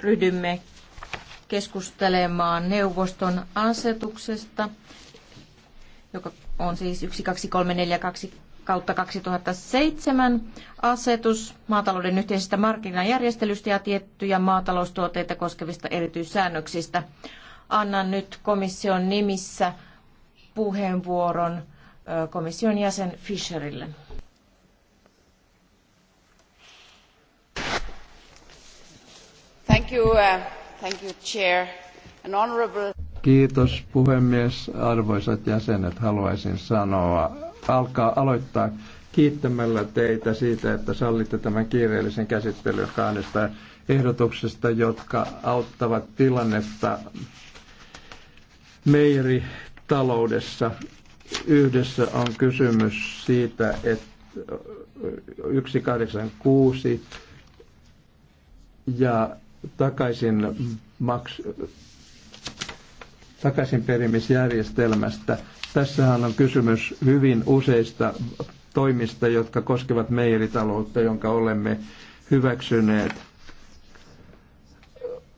ryhdymme keskustelemaan neuvoston asetuksesta, joka on siis 12342 kautta 2007 asetus maatalouden yhteisestä markkinajärjestelystä ja tiettyjä maataloustuotteita koskevista erityissäännöksistä. Annan nyt komission nimissä puheenvuoron komission jäsen Fischerille. Uh, Kiitos puhemies, arvoisat jäsenet. Haluaisin sanoa, alkaa aloittaa kiittämällä teitä siitä, että sallitte tämän kiireellisen käsittelyn kahdesta ehdotuksesta, jotka auttavat tilannetta meiri taloudessa. Yhdessä on kysymys siitä, että 186 ja takaisin maks, perimisjärjestelmästä. Tässähän on kysymys hyvin useista toimista, jotka koskevat meijeritaloutta, jonka olemme hyväksyneet.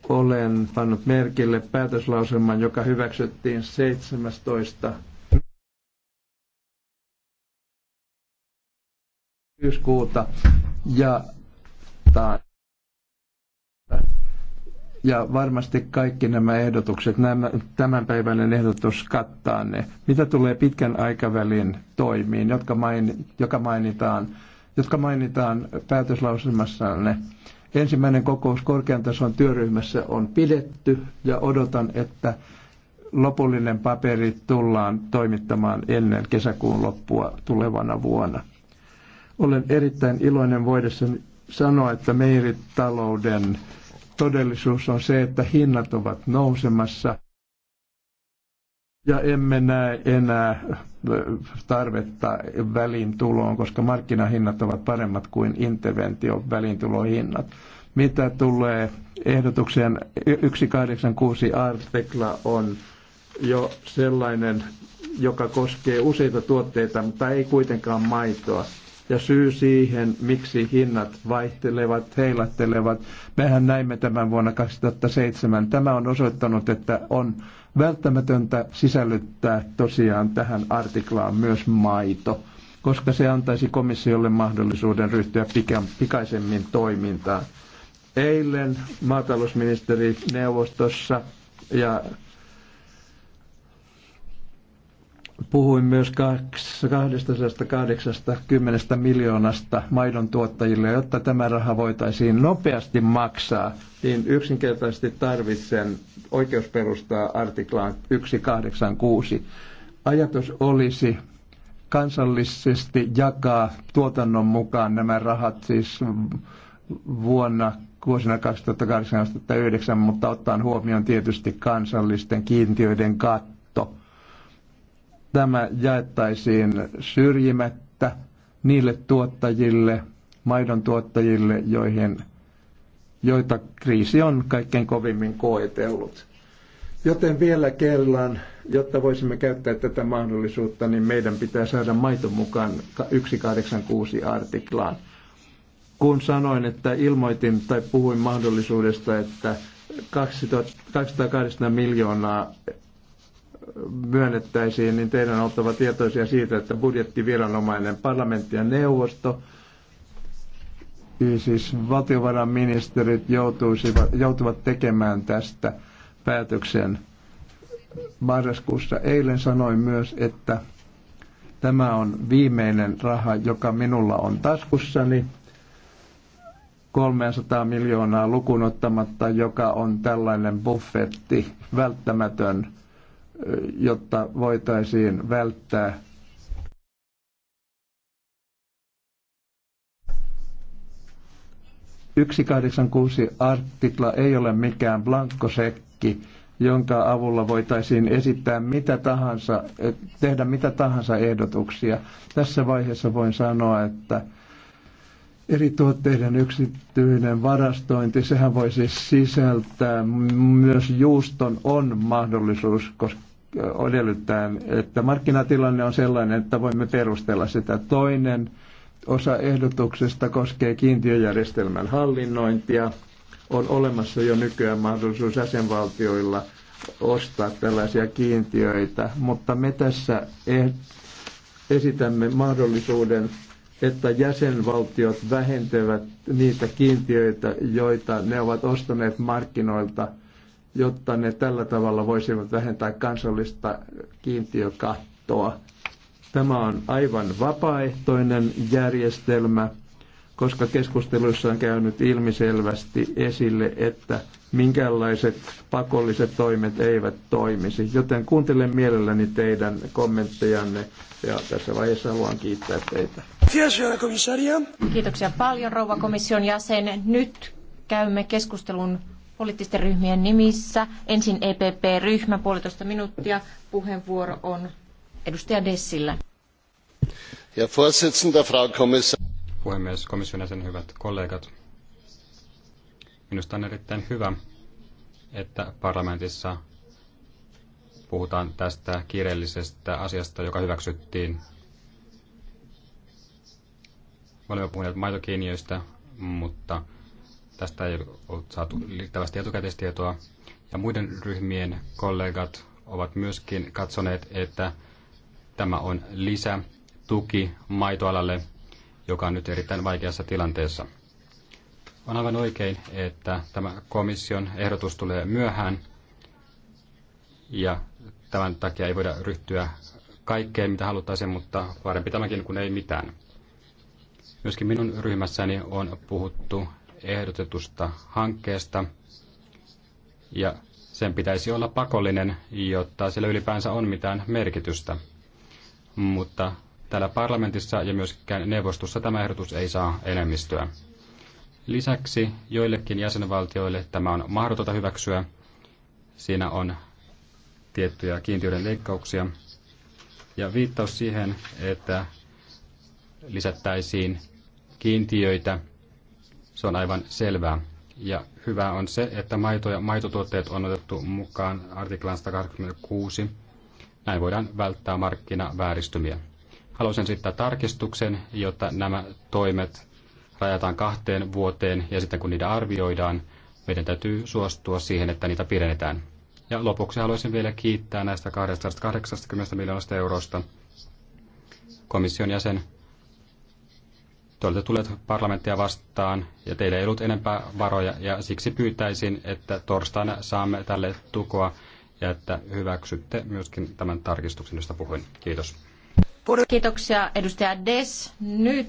Olen pannut merkille päätöslauselman, joka hyväksyttiin 17. syyskuuta ja taas ja varmasti kaikki nämä ehdotukset, nämä, tämän päivän ehdotus kattaa ne. Mitä tulee pitkän aikavälin toimiin, jotka, main, joka mainitaan, jotka mainitaan ne? Ensimmäinen kokous korkean tason työryhmässä on pidetty ja odotan, että lopullinen paperi tullaan toimittamaan ennen kesäkuun loppua tulevana vuonna. Olen erittäin iloinen voidessani sanoa, että meiritalouden talouden todellisuus on se, että hinnat ovat nousemassa ja emme näe enää äh, tarvetta välintuloon, koska markkinahinnat ovat paremmat kuin intervention välintulohinnat. Mitä tulee ehdotukseen, 186 artikla on jo sellainen, joka koskee useita tuotteita, mutta ei kuitenkaan maitoa ja syy siihen, miksi hinnat vaihtelevat, heilattelevat. Mehän näimme tämän vuonna 2007. Tämä on osoittanut, että on välttämätöntä sisällyttää tosiaan tähän artiklaan myös maito, koska se antaisi komissiolle mahdollisuuden ryhtyä pikaisemmin toimintaan. Eilen maatalousministeri neuvostossa ja Puhuin myös 280 miljoonasta maidon tuottajille, jotta tämä raha voitaisiin nopeasti maksaa, niin yksinkertaisesti tarvitsen oikeusperustaa artiklaan 186. Ajatus olisi kansallisesti jakaa tuotannon mukaan nämä rahat siis vuonna vuosina 2008-2009, mutta ottaen huomioon tietysti kansallisten kiintiöiden katto tämä jaettaisiin syrjimättä niille tuottajille, maidon tuottajille, joihin, joita kriisi on kaikkein kovimmin koetellut. Joten vielä kerran, jotta voisimme käyttää tätä mahdollisuutta, niin meidän pitää saada maito mukaan 186 artiklaan. Kun sanoin, että ilmoitin tai puhuin mahdollisuudesta, että 2200 miljoonaa myönnettäisiin, niin teidän on oltava tietoisia siitä, että budjettiviranomainen parlamentti ja neuvosto, siis valtiovarainministerit joutuvat tekemään tästä päätöksen marraskuussa. Eilen sanoin myös, että tämä on viimeinen raha, joka minulla on taskussani. 300 miljoonaa lukunottamatta, joka on tällainen buffetti, välttämätön jotta voitaisiin välttää Yksi 186 artikla ei ole mikään blankkosekki, jonka avulla voitaisiin esittää mitä tahansa, tehdä mitä tahansa ehdotuksia. Tässä vaiheessa voin sanoa, että eri tuotteiden yksityinen varastointi, sehän voisi sisältää myös juuston on mahdollisuus, koska edellyttäen, että markkinatilanne on sellainen, että voimme perustella sitä. Toinen osa ehdotuksesta koskee kiintiöjärjestelmän hallinnointia. On olemassa jo nykyään mahdollisuus jäsenvaltioilla ostaa tällaisia kiintiöitä, mutta me tässä eh- esitämme mahdollisuuden, että jäsenvaltiot vähentävät niitä kiintiöitä, joita ne ovat ostaneet markkinoilta – jotta ne tällä tavalla voisivat vähentää kansallista kiintiökattoa. Tämä on aivan vapaaehtoinen järjestelmä, koska keskusteluissa on käynyt ilmiselvästi esille, että minkälaiset pakolliset toimet eivät toimisi. Joten kuuntelen mielelläni teidän kommenttejanne ja tässä vaiheessa haluan kiittää teitä. Kiitoksia paljon rouva komission jäsen. Nyt käymme keskustelun poliittisten ryhmien nimissä. Ensin EPP-ryhmä, puolitoista minuuttia. Puheenvuoro on edustaja Dessillä. Herr Frau Kommissar. Puhemies, komission jäsen, hyvät kollegat. Minusta on erittäin hyvä, että parlamentissa puhutaan tästä kiireellisestä asiasta, joka hyväksyttiin. Olemme puhuneet maitokiintiöistä, mutta Tästä ei ollut saatu riittävästi etukäteistietoa. Ja muiden ryhmien kollegat ovat myöskin katsoneet, että tämä on lisä tuki maitoalalle, joka on nyt erittäin vaikeassa tilanteessa. On aivan oikein, että tämä komission ehdotus tulee myöhään ja tämän takia ei voida ryhtyä kaikkeen, mitä haluttaisiin, mutta parempi tämäkin kuin ei mitään. Myöskin minun ryhmässäni on puhuttu ehdotetusta hankkeesta. Ja sen pitäisi olla pakollinen, jotta sillä ylipäänsä on mitään merkitystä. Mutta täällä parlamentissa ja myöskään neuvostossa tämä ehdotus ei saa enemmistöä. Lisäksi joillekin jäsenvaltioille tämä on mahdotonta hyväksyä. Siinä on tiettyjä kiintiöiden leikkauksia. Ja viittaus siihen, että lisättäisiin kiintiöitä se on aivan selvää. Ja hyvä on se, että maito ja maitotuotteet on otettu mukaan artiklan 126. Näin voidaan välttää markkinavääristymiä. Haluaisin sitten tarkistuksen, jotta nämä toimet rajataan kahteen vuoteen ja sitten kun niitä arvioidaan, meidän täytyy suostua siihen, että niitä pidennetään. Ja lopuksi haluaisin vielä kiittää näistä 280 miljoonasta eurosta komission jäsen te olette tulleet parlamenttia vastaan ja teillä ei ollut enempää varoja ja siksi pyytäisin, että torstaina saamme tälle tukoa ja että hyväksytte myöskin tämän tarkistuksen, josta puhuin. Kiitos. Kiitoksia edustaja Des. Nyt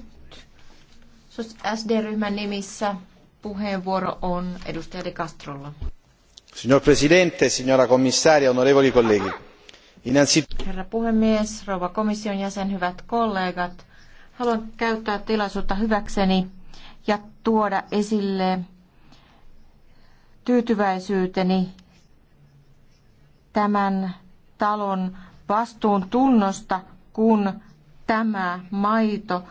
SD-ryhmän nimissä puheenvuoro on edustaja De Castrolla. Signor Presidente, signora Commissaria, onorevoli colleghi. Herra puhemies, rouva komission jäsen, hyvät kollegat. Haluan käyttää tilaisuutta hyväkseni ja tuoda esille tyytyväisyyteni tämän talon vastuun tunnosta, kun tämä maito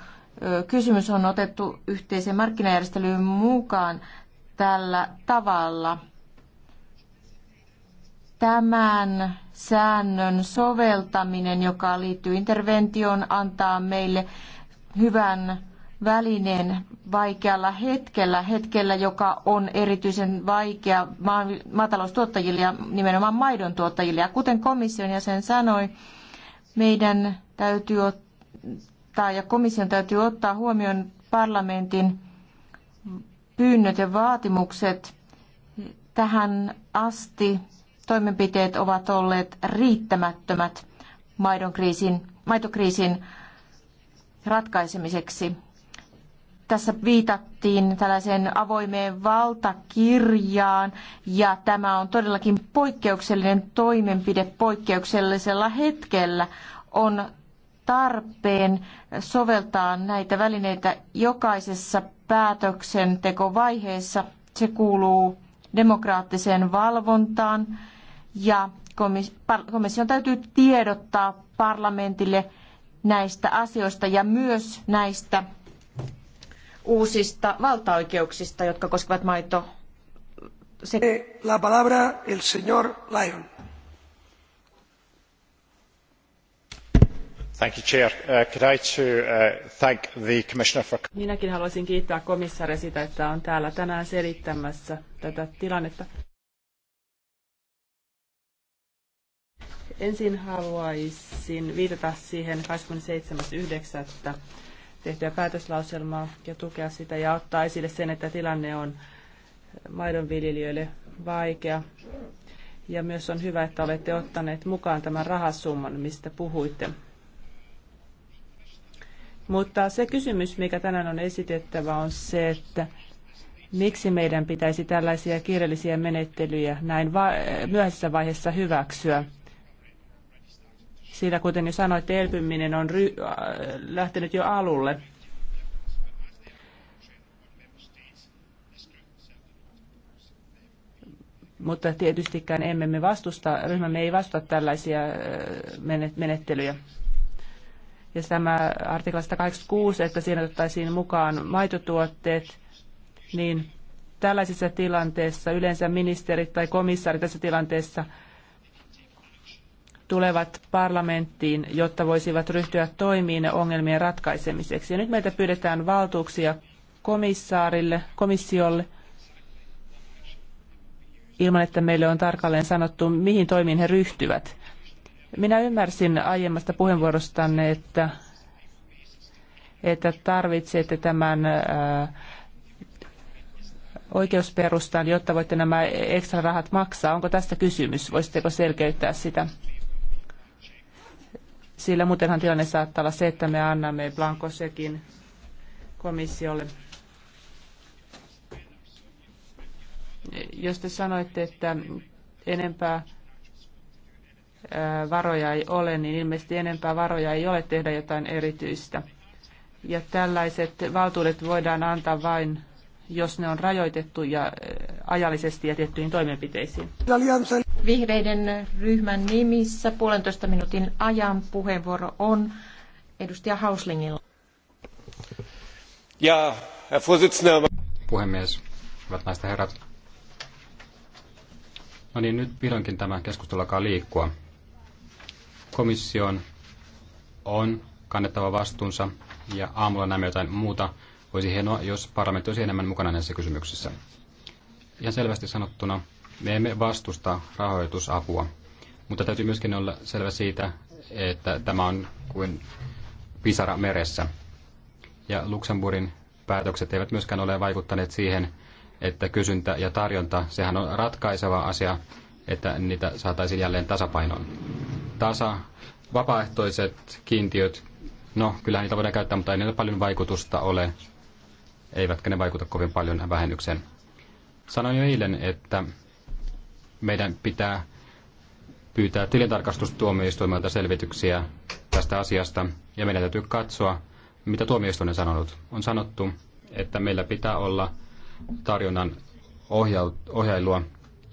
kysymys on otettu yhteiseen markkinajärjestelyyn mukaan tällä tavalla. Tämän säännön soveltaminen, joka liittyy interventioon, antaa meille hyvän välineen vaikealla hetkellä, hetkellä, joka on erityisen vaikea maataloustuottajille ja nimenomaan maidon tuottajille. Ja kuten komission jäsen sanoi, meidän täytyy ottaa ja komission täytyy ottaa huomioon parlamentin pyynnöt ja vaatimukset. Tähän asti toimenpiteet ovat olleet riittämättömät maidon kriisin, maitokriisin ratkaisemiseksi. Tässä viitattiin tällaiseen avoimeen valtakirjaan ja tämä on todellakin poikkeuksellinen toimenpide poikkeuksellisella hetkellä. On tarpeen soveltaa näitä välineitä jokaisessa päätöksentekovaiheessa. Se kuuluu demokraattiseen valvontaan ja komission täytyy tiedottaa parlamentille näistä asioista ja myös näistä uusista valtaoikeuksista, jotka koskevat maito. Se... Eh, la palabra el señor Lyon. Thank you, Chair. Uh, could I to, uh, thank the Commissioner for... Minäkin haluaisin kiittää komissaari siitä, että on täällä tänään selittämässä tätä tilannetta. Ensin haluaisin viitata siihen 27.9. tehtyä päätöslauselmaa ja tukea sitä ja ottaa esille sen, että tilanne on maidonviljelijöille vaikea. Ja myös on hyvä, että olette ottaneet mukaan tämän rahasumman, mistä puhuitte. Mutta se kysymys, mikä tänään on esitettävä, on se, että miksi meidän pitäisi tällaisia kiireellisiä menettelyjä näin va- myöhäisessä vaiheessa hyväksyä. Siinä kuten jo sanoit, elpyminen on ry- äh, lähtenyt jo alulle. Mutta tietystikään emme me vastusta, ryhmämme ei vastusta tällaisia äh, menettelyjä. Ja tämä artikla 186, että siinä otettaisiin mukaan maitotuotteet, niin tällaisessa tilanteessa yleensä ministerit tai komissaari tässä tilanteessa – tulevat parlamenttiin, jotta voisivat ryhtyä toimiin ongelmien ratkaisemiseksi. Ja nyt meiltä pyydetään valtuuksia komissaarille, komissiolle, ilman että meille on tarkalleen sanottu, mihin toimiin he ryhtyvät. Minä ymmärsin aiemmasta puheenvuorostanne, että, että tarvitsette tämän ää, äh, oikeusperustan, jotta voitte nämä ekstra rahat maksaa. Onko tästä kysymys? Voisitteko selkeyttää sitä? sillä muutenhan tilanne saattaa olla se, että me annamme blankosekin komissiolle. Jos te sanoitte, että enempää varoja ei ole, niin ilmeisesti enempää varoja ei ole tehdä jotain erityistä. Ja tällaiset valtuudet voidaan antaa vain, jos ne on rajoitettu ja ajallisesti ja tiettyihin toimenpiteisiin. Vihreiden ryhmän nimissä puolentoista minuutin ajan puheenvuoro on edustaja Hauslingilla. Ja, herr Puhemies, hyvät naiset herrat. No niin, nyt vihdoinkin tämä keskustelu alkaa liikkua. Komission on kannettava vastuunsa ja aamulla näemme jotain muuta. Olisi hienoa, jos parlamentti olisi enemmän mukana näissä kysymyksissä. Ja selvästi sanottuna me emme vastusta rahoitusapua, mutta täytyy myöskin olla selvä siitä, että tämä on kuin pisara meressä. Ja Luxemburgin päätökset eivät myöskään ole vaikuttaneet siihen, että kysyntä ja tarjonta, sehän on ratkaiseva asia, että niitä saataisiin jälleen tasapainoon. Tasa, vapaaehtoiset kiintiöt, no kyllähän niitä voidaan käyttää, mutta ei niillä paljon vaikutusta ole, eivätkä ne vaikuta kovin paljon vähennykseen. Sanoin jo eilen, että meidän pitää pyytää tilintarkastustuomioistuimelta selvityksiä tästä asiasta ja meidän täytyy katsoa, mitä tuomioistuin on sanonut. On sanottu, että meillä pitää olla tarjonnan ohjailua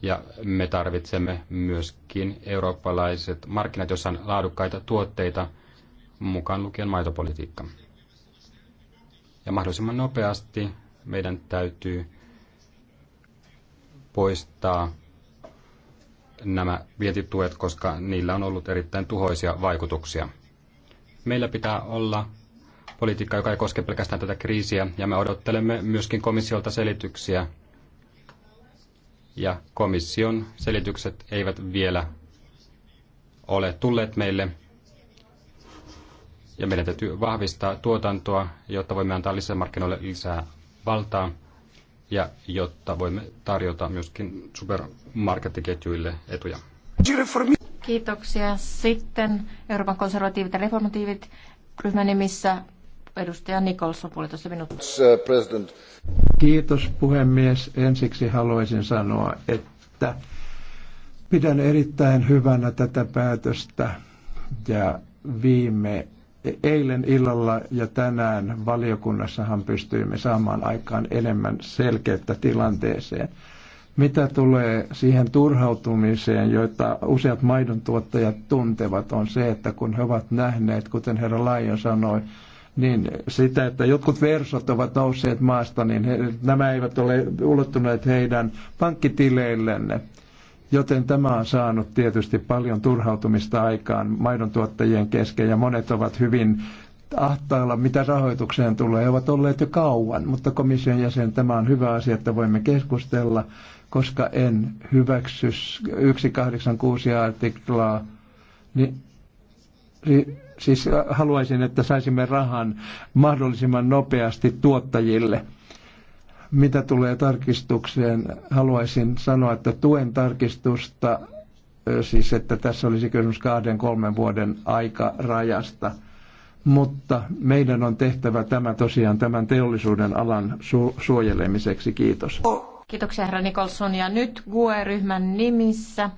ja me tarvitsemme myöskin eurooppalaiset markkinat, joissa on laadukkaita tuotteita, mukaan lukien maitopolitiikka. Ja mahdollisimman nopeasti meidän täytyy poistaa nämä vientituet, koska niillä on ollut erittäin tuhoisia vaikutuksia. Meillä pitää olla politiikka, joka ei koske pelkästään tätä kriisiä, ja me odottelemme myöskin komissiolta selityksiä. Ja komission selitykset eivät vielä ole tulleet meille. Ja meidän täytyy vahvistaa tuotantoa, jotta voimme antaa lisämarkkinoille lisää valtaa ja jotta voimme tarjota myöskin supermarkettiketjuille etuja. Kiitoksia. Sitten Euroopan konservatiivit ja reformatiivit ryhmän nimissä edustaja Nicholson puolitoista minuuttia. Kiitos puhemies. Ensiksi haluaisin sanoa, että pidän erittäin hyvänä tätä päätöstä ja viime E- eilen illalla ja tänään valiokunnassahan pystyimme saamaan aikaan enemmän selkeyttä tilanteeseen. Mitä tulee siihen turhautumiseen, joita useat maidon tuottajat tuntevat, on se, että kun he ovat nähneet, kuten herra Laion sanoi, niin sitä, että jotkut versot ovat nousseet maasta, niin he, nämä eivät ole ulottuneet heidän pankkitileillenne Joten tämä on saanut tietysti paljon turhautumista aikaan maidon tuottajien kesken ja monet ovat hyvin ahtailla, mitä rahoitukseen tulee, ovat olleet jo kauan, mutta komission jäsen tämä on hyvä asia, että voimme keskustella, koska en hyväksy 186 artiklaa, niin siis haluaisin, että saisimme rahan mahdollisimman nopeasti tuottajille. Mitä tulee tarkistukseen, haluaisin sanoa, että tuen tarkistusta, siis että tässä olisi kysymys kahden kolmen vuoden aikarajasta. Mutta meidän on tehtävä tämä tosiaan tämän teollisuuden alan su- suojelemiseksi. Kiitos. Kiitoksia herra Nikolson. Ja nyt GUE-ryhmän nimissä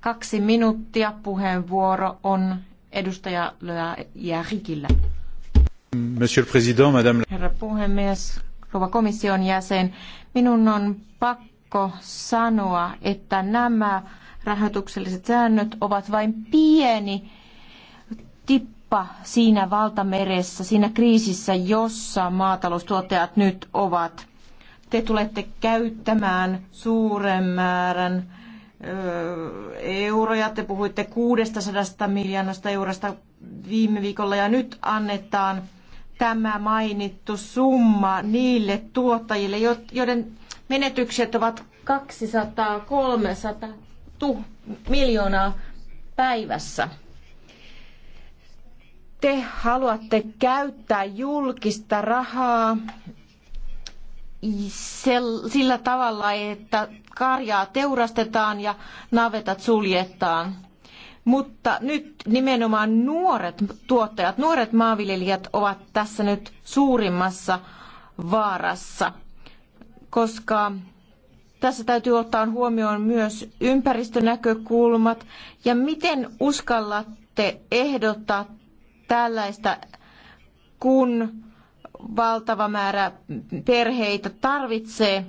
kaksi minuuttia puheenvuoro on edustaja Löä Järikillä. Monsieur le Président, Madame... Herra puhemies, rouva komission jäsen. Minun on pakko sanoa, että nämä rahoitukselliset säännöt ovat vain pieni tippa siinä valtameressä, siinä kriisissä, jossa maataloustuottajat nyt ovat. Te tulette käyttämään suuren määrän euroja. Te puhuitte 600 miljoonasta eurosta viime viikolla ja nyt annetaan tämä mainittu summa niille tuottajille, joiden menetykset ovat 200-300 miljoonaa päivässä. Te haluatte käyttää julkista rahaa sillä tavalla, että karjaa teurastetaan ja navetat suljetaan mutta nyt nimenomaan nuoret tuottajat, nuoret maanviljelijät ovat tässä nyt suurimmassa vaarassa, koska tässä täytyy ottaa huomioon myös ympäristönäkökulmat ja miten uskallatte ehdottaa tällaista, kun valtava määrä perheitä tarvitsee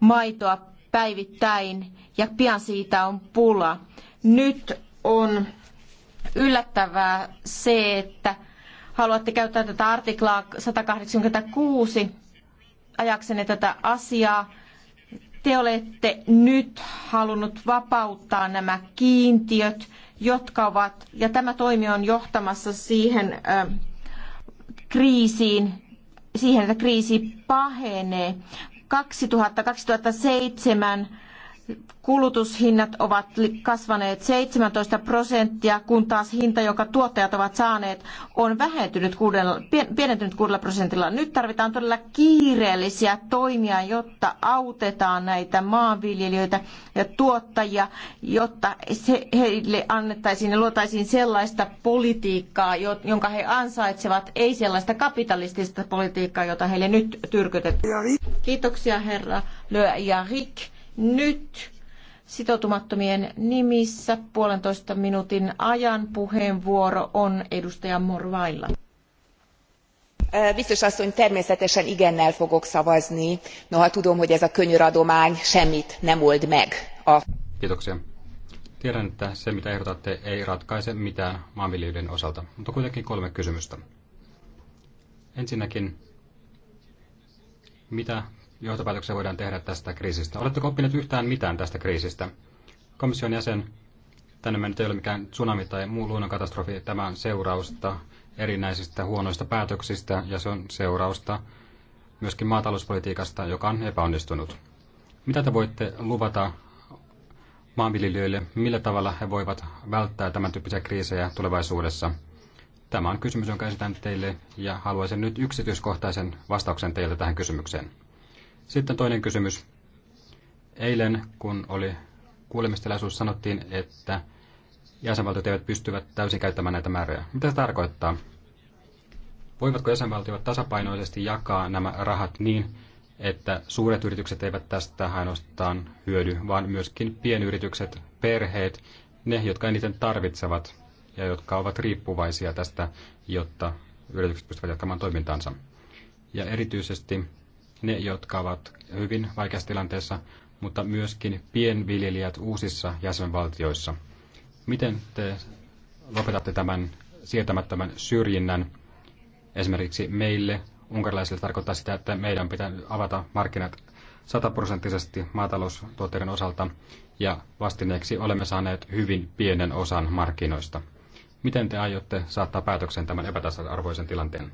maitoa päivittäin ja pian siitä on pula. Nyt on yllättävää se, että haluatte käyttää tätä artiklaa 186 ajaksenne tätä asiaa. Te olette nyt halunnut vapauttaa nämä kiintiöt, jotka ovat, ja tämä toimi on johtamassa siihen kriisiin, siihen, että kriisi pahenee. 2000-2007 kulutushinnat ovat kasvaneet 17 prosenttia, kun taas hinta, jonka tuottajat ovat saaneet, on vähentynyt kuudella, pienentynyt 6 prosentilla. Nyt tarvitaan todella kiireellisiä toimia, jotta autetaan näitä maanviljelijöitä ja tuottajia, jotta heille annettaisiin ja luotaisiin sellaista politiikkaa, jonka he ansaitsevat, ei sellaista kapitalistista politiikkaa, jota heille nyt tyrkytetään. Kiitoksia herra ja Rick. Nyt sitoutumattomien nimissä puolentoista minuutin ajan puheenvuoro on edustaja Morvailla. Biztos asszony, természetesen igennel fogok szavazni, noha tudom, hogy ez a könyöradomány semmit nem old meg. A... Kiitoksia. Tiedän, että se mitä ehdotatte ei ratkaise mitään maanviljelijöiden osalta, mutta kuitenkin kolme kysymystä. Ensinnäkin, mitä johtopäätöksiä voidaan tehdä tästä kriisistä? Oletteko oppineet yhtään mitään tästä kriisistä? Komission jäsen, tänne mennyt ei ole mikään tsunami tai muu luonnonkatastrofi. Tämä on seurausta erinäisistä huonoista päätöksistä ja se on seurausta myöskin maatalouspolitiikasta, joka on epäonnistunut. Mitä te voitte luvata maanviljelijöille, millä tavalla he voivat välttää tämän tyyppisiä kriisejä tulevaisuudessa? Tämä on kysymys, jonka esitän teille ja haluaisin nyt yksityiskohtaisen vastauksen teiltä tähän kysymykseen. Sitten toinen kysymys. Eilen, kun oli kuulemistilaisuus, sanottiin, että jäsenvaltiot eivät pystyvät täysin käyttämään näitä määriä. Mitä se tarkoittaa? Voivatko jäsenvaltiot tasapainoisesti jakaa nämä rahat niin, että suuret yritykset eivät tästä ainoastaan hyödy, vaan myöskin pienyritykset, perheet, ne, jotka eniten tarvitsevat ja jotka ovat riippuvaisia tästä, jotta yritykset pystyvät jatkamaan toimintaansa. Ja erityisesti ne, jotka ovat hyvin vaikeassa tilanteessa, mutta myöskin pienviljelijät uusissa jäsenvaltioissa. Miten te lopetatte tämän sietämättömän syrjinnän esimerkiksi meille? Unkarilaisille tarkoittaa sitä, että meidän pitää avata markkinat sataprosenttisesti maataloustuotteiden osalta ja vastineeksi olemme saaneet hyvin pienen osan markkinoista. Miten te aiotte saattaa päätöksen tämän epätasa-arvoisen tilanteen?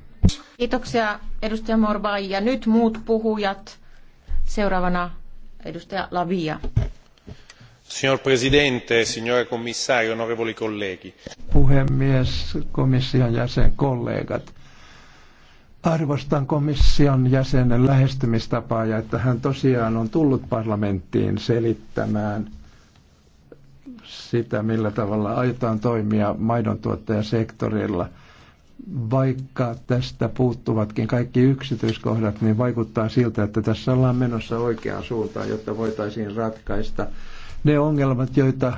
Kiitoksia edustaja Morbai ja nyt muut puhujat. Seuraavana edustaja Lavia. Signor Presidente, signore Commissario, onorevoli colleghi. Puhemies, komission jäsen, kollegat. Arvostan komission jäsenen lähestymistapaa ja että hän tosiaan on tullut parlamenttiin selittämään – sitä, millä tavalla aiotaan toimia sektorilla Vaikka tästä puuttuvatkin kaikki yksityiskohdat, niin vaikuttaa siltä, että tässä ollaan menossa oikeaan suuntaan, jotta voitaisiin ratkaista ne ongelmat, joita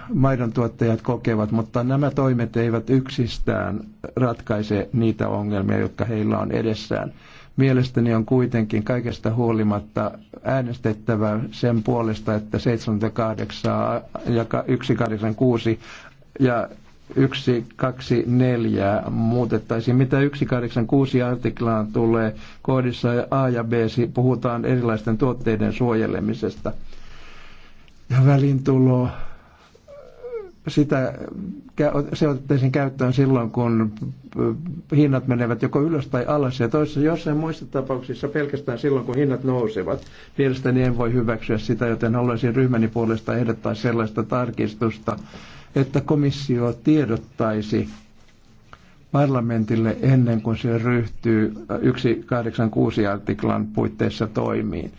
tuottajat kokevat, mutta nämä toimet eivät yksistään ratkaise niitä ongelmia, jotka heillä on edessään. Mielestäni on kuitenkin kaikesta huolimatta äänestettävä sen puolesta, että 78 ja 186 ja 124 muutettaisiin. Mitä 186 artiklaan tulee, koodissa A ja B puhutaan erilaisten tuotteiden suojelemisesta. Ja välintulo, sitä, se otettaisiin käyttöön silloin, kun hinnat menevät joko ylös tai alas ja toisessa jossain muissa tapauksissa pelkästään silloin, kun hinnat nousevat. Mielestäni en voi hyväksyä sitä, joten haluaisin ryhmäni puolesta ehdottaa sellaista tarkistusta, että komissio tiedottaisi parlamentille ennen kuin se ryhtyy 186 artiklan puitteissa toimiin.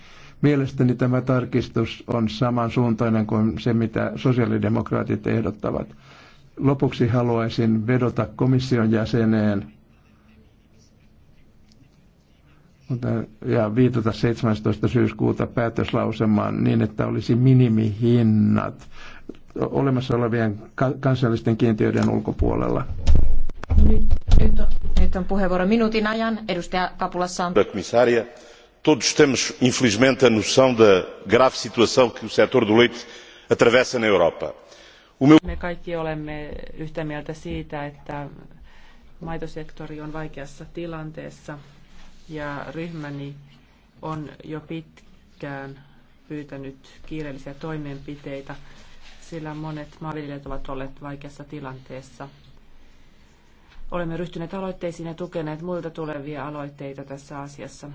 Mielestäni tämä tarkistus on samansuuntainen kuin se, mitä sosiaalidemokraatit ehdottavat. Lopuksi haluaisin vedota komission jäseneen ja viitata 17. syyskuuta päätöslausemaan niin, että olisi minimihinnat olemassa olevien kansallisten kiintiöiden ulkopuolella. Nyt, nyt, on, nyt on puheenvuoro minuutin ajan. Edustaja Kapulassa on. Komissaria, todos temos infelizmente a noção da grave situação que o setor do leite atravessa na Europa me kaikki olemme yhtä mieltä siitä, että maitosektori on vaikeassa tilanteessa ja ryhmäni on jo pitkään pyytänyt kiireellisiä toimenpiteitä, sillä monet maanviljelijät ovat olleet vaikeassa tilanteessa. Olemme ryhtyneet aloitteisiin ja tukeneet muilta tulevia aloitteita tässä asiassa.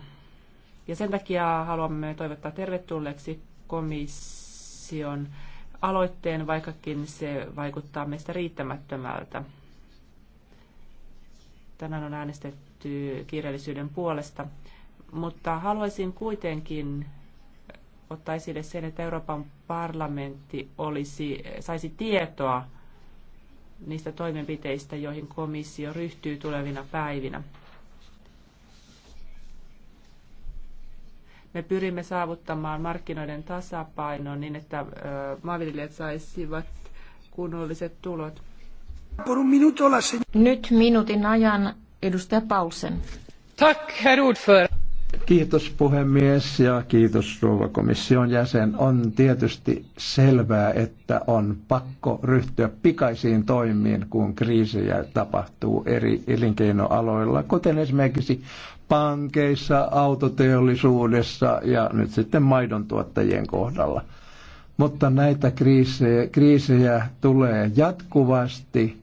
Ja sen takia haluamme toivottaa tervetulleeksi komission aloitteen, vaikkakin se vaikuttaa meistä riittämättömältä. Tänään on äänestetty kiireellisyyden puolesta, mutta haluaisin kuitenkin ottaa esille sen, että Euroopan parlamentti olisi, saisi tietoa niistä toimenpiteistä, joihin komissio ryhtyy tulevina päivinä. Me pyrimme saavuttamaan markkinoiden tasapainon niin, että maanviljelijät saisivat kunnolliset tulot. Nyt minuutin ajan edustaja Paulsen. Tack, herr ordförande. Kiitos puhemies ja kiitos rouva komission jäsen. On tietysti selvää, että on pakko ryhtyä pikaisiin toimiin, kun kriisejä tapahtuu eri elinkeinoaloilla, kuten esimerkiksi pankeissa, autoteollisuudessa ja nyt sitten tuottajien kohdalla. Mutta näitä kriisejä, kriisejä tulee jatkuvasti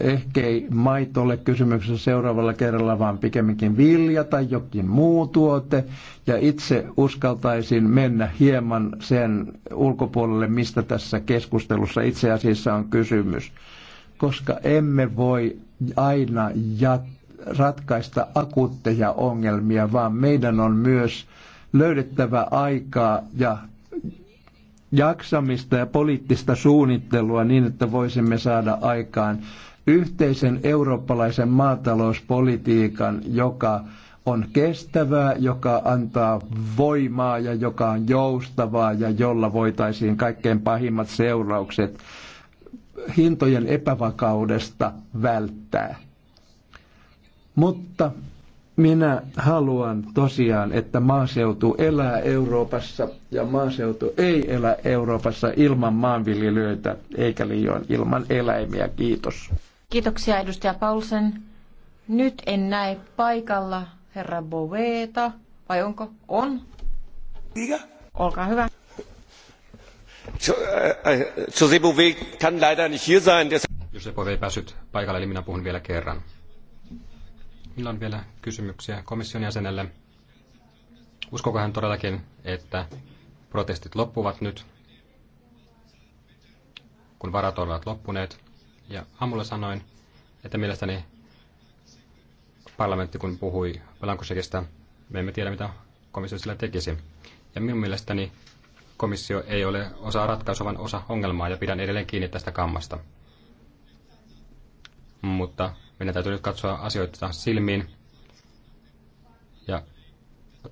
Ehkä maito ole kysymyksessä seuraavalla kerralla, vaan pikemminkin vilja tai jokin muu tuote. Ja itse uskaltaisin mennä hieman sen ulkopuolelle, mistä tässä keskustelussa itse asiassa on kysymys. Koska emme voi aina ratkaista akuutteja ongelmia, vaan meidän on myös löydettävä aikaa ja jaksamista ja poliittista suunnittelua niin, että voisimme saada aikaan yhteisen eurooppalaisen maatalouspolitiikan, joka on kestävää, joka antaa voimaa ja joka on joustavaa ja jolla voitaisiin kaikkein pahimmat seuraukset hintojen epävakaudesta välttää. Mutta minä haluan tosiaan, että maaseutu elää Euroopassa ja maaseutu ei elä Euroopassa ilman maanviljelijöitä eikä liioin ilman eläimiä. Kiitos. Kiitoksia edustaja Paulsen. Nyt en näe paikalla herra Boveta. Vai onko? On. Mikä? Olkaa hyvä. Jose äh, äh, Bove kann leider nicht hier sein. Jose Bové ei päässyt paikalle, eli niin minä puhun vielä kerran. Minulla on vielä kysymyksiä komission jäsenelle. Uskoko hän todellakin, että protestit loppuvat nyt, kun varat ovat loppuneet? Ja aamulla sanoin, että mielestäni parlamentti kun puhui Blankosekista, me emme tiedä mitä komissio sillä tekisi. Ja minun mielestäni komissio ei ole osa ratkaisua, vaan osa ongelmaa ja pidän edelleen kiinni tästä kammasta. Mutta meidän täytyy nyt katsoa asioita silmiin. Ja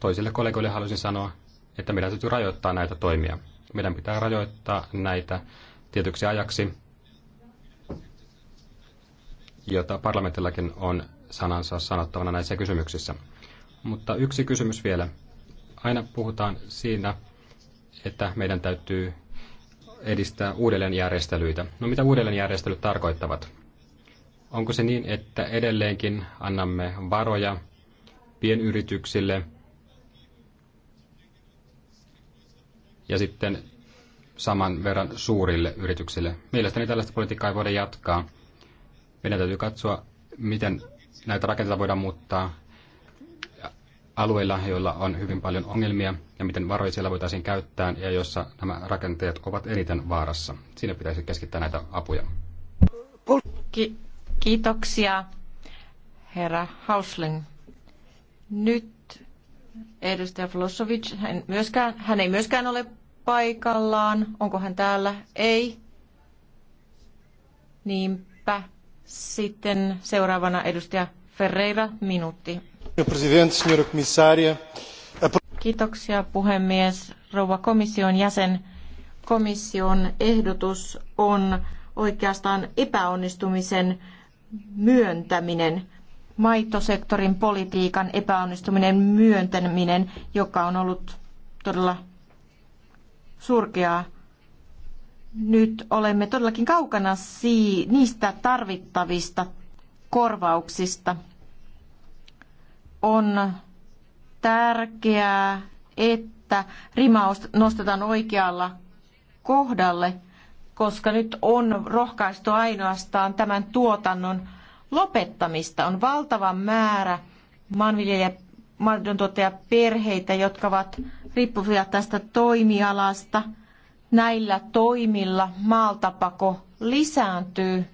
toisille kollegoille haluaisin sanoa, että meidän täytyy rajoittaa näitä toimia. Meidän pitää rajoittaa näitä tietyksi ajaksi jota parlamentillakin on sanansa sanottavana näissä kysymyksissä. Mutta yksi kysymys vielä. Aina puhutaan siinä, että meidän täytyy edistää uudelleenjärjestelyitä. No mitä uudelleenjärjestelyt tarkoittavat? Onko se niin, että edelleenkin annamme varoja pienyrityksille ja sitten saman verran suurille yrityksille? Mielestäni tällaista politiikkaa ei voida jatkaa meidän täytyy katsoa, miten näitä rakenteita voidaan muuttaa alueilla, joilla on hyvin paljon ongelmia ja miten varoja siellä voitaisiin käyttää ja jossa nämä rakenteet ovat eniten vaarassa. Siinä pitäisi keskittää näitä apuja. Ki- kiitoksia, herra Hausling. Nyt edustaja Flosovic, hän, myöskään, hän ei myöskään ole paikallaan. Onko hän täällä? Ei. Niinpä. Sitten seuraavana edustaja Ferreira, minuutti. Kiitoksia puhemies. Rouva komission jäsen, komission ehdotus on oikeastaan epäonnistumisen myöntäminen maitosektorin politiikan epäonnistuminen myöntäminen, joka on ollut todella surkeaa nyt olemme todellakin kaukana niistä tarvittavista korvauksista. On tärkeää, että rima nostetaan oikealla kohdalle, koska nyt on rohkaistu ainoastaan tämän tuotannon lopettamista. On valtava määrä maanviljelijä maidontuottajaperheitä, jotka ovat riippuvia tästä toimialasta – näillä toimilla maaltapako lisääntyy.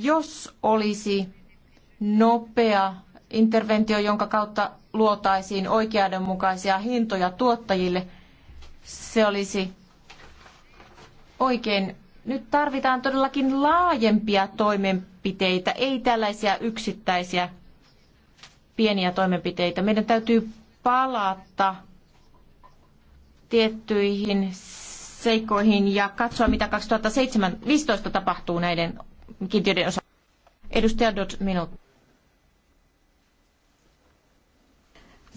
Jos olisi nopea interventio, jonka kautta luotaisiin oikeudenmukaisia hintoja tuottajille, se olisi oikein. Nyt tarvitaan todellakin laajempia toimenpiteitä, ei tällaisia yksittäisiä pieniä toimenpiteitä. Meidän täytyy palata tiettyihin seikkoihin ja katsoa, mitä 2015 tapahtuu näiden kiintiöiden osalta. Edustaja Dodd, minuutti.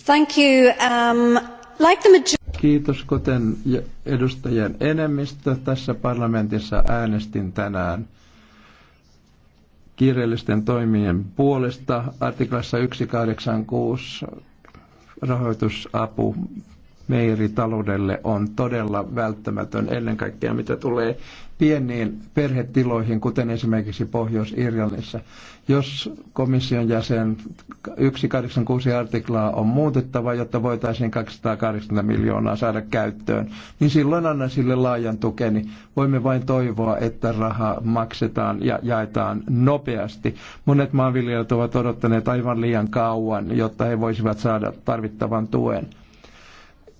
Thank you. Um, like the Kiitos, kuten edustajien enemmistö tässä parlamentissa äänestin tänään kiireellisten toimien puolesta artiklassa 186 rahoitusapu meiritaloudelle on todella välttämätön ennen kaikkea mitä tulee pieniin perhetiloihin, kuten esimerkiksi Pohjois-Irlannissa. Jos komission jäsen 186 artiklaa on muutettava, jotta voitaisiin 280 miljoonaa saada käyttöön, niin silloin anna sille laajan tukeni. Voimme vain toivoa, että raha maksetaan ja jaetaan nopeasti. Monet maanviljelijät ovat odottaneet aivan liian kauan, jotta he voisivat saada tarvittavan tuen.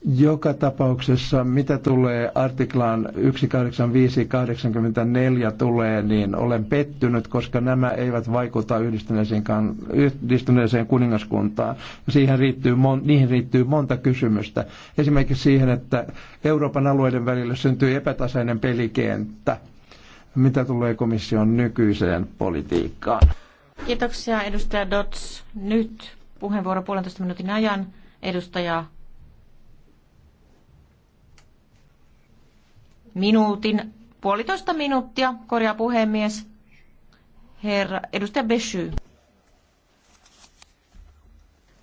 Joka tapauksessa, mitä tulee artiklaan 18584 tulee, niin olen pettynyt, koska nämä eivät vaikuta yhdistyneeseen, kuningaskuntaan. Siihen riittyy, niihin riittyy monta kysymystä. Esimerkiksi siihen, että Euroopan alueiden välillä syntyy epätasainen pelikenttä. Mitä tulee komission nykyiseen politiikkaan? Kiitoksia edustaja Dots. Nyt puheenvuoro puolentoista minuutin ajan edustaja minuutin, puolitoista minuuttia, korjaa puhemies, herra edustaja Beshy.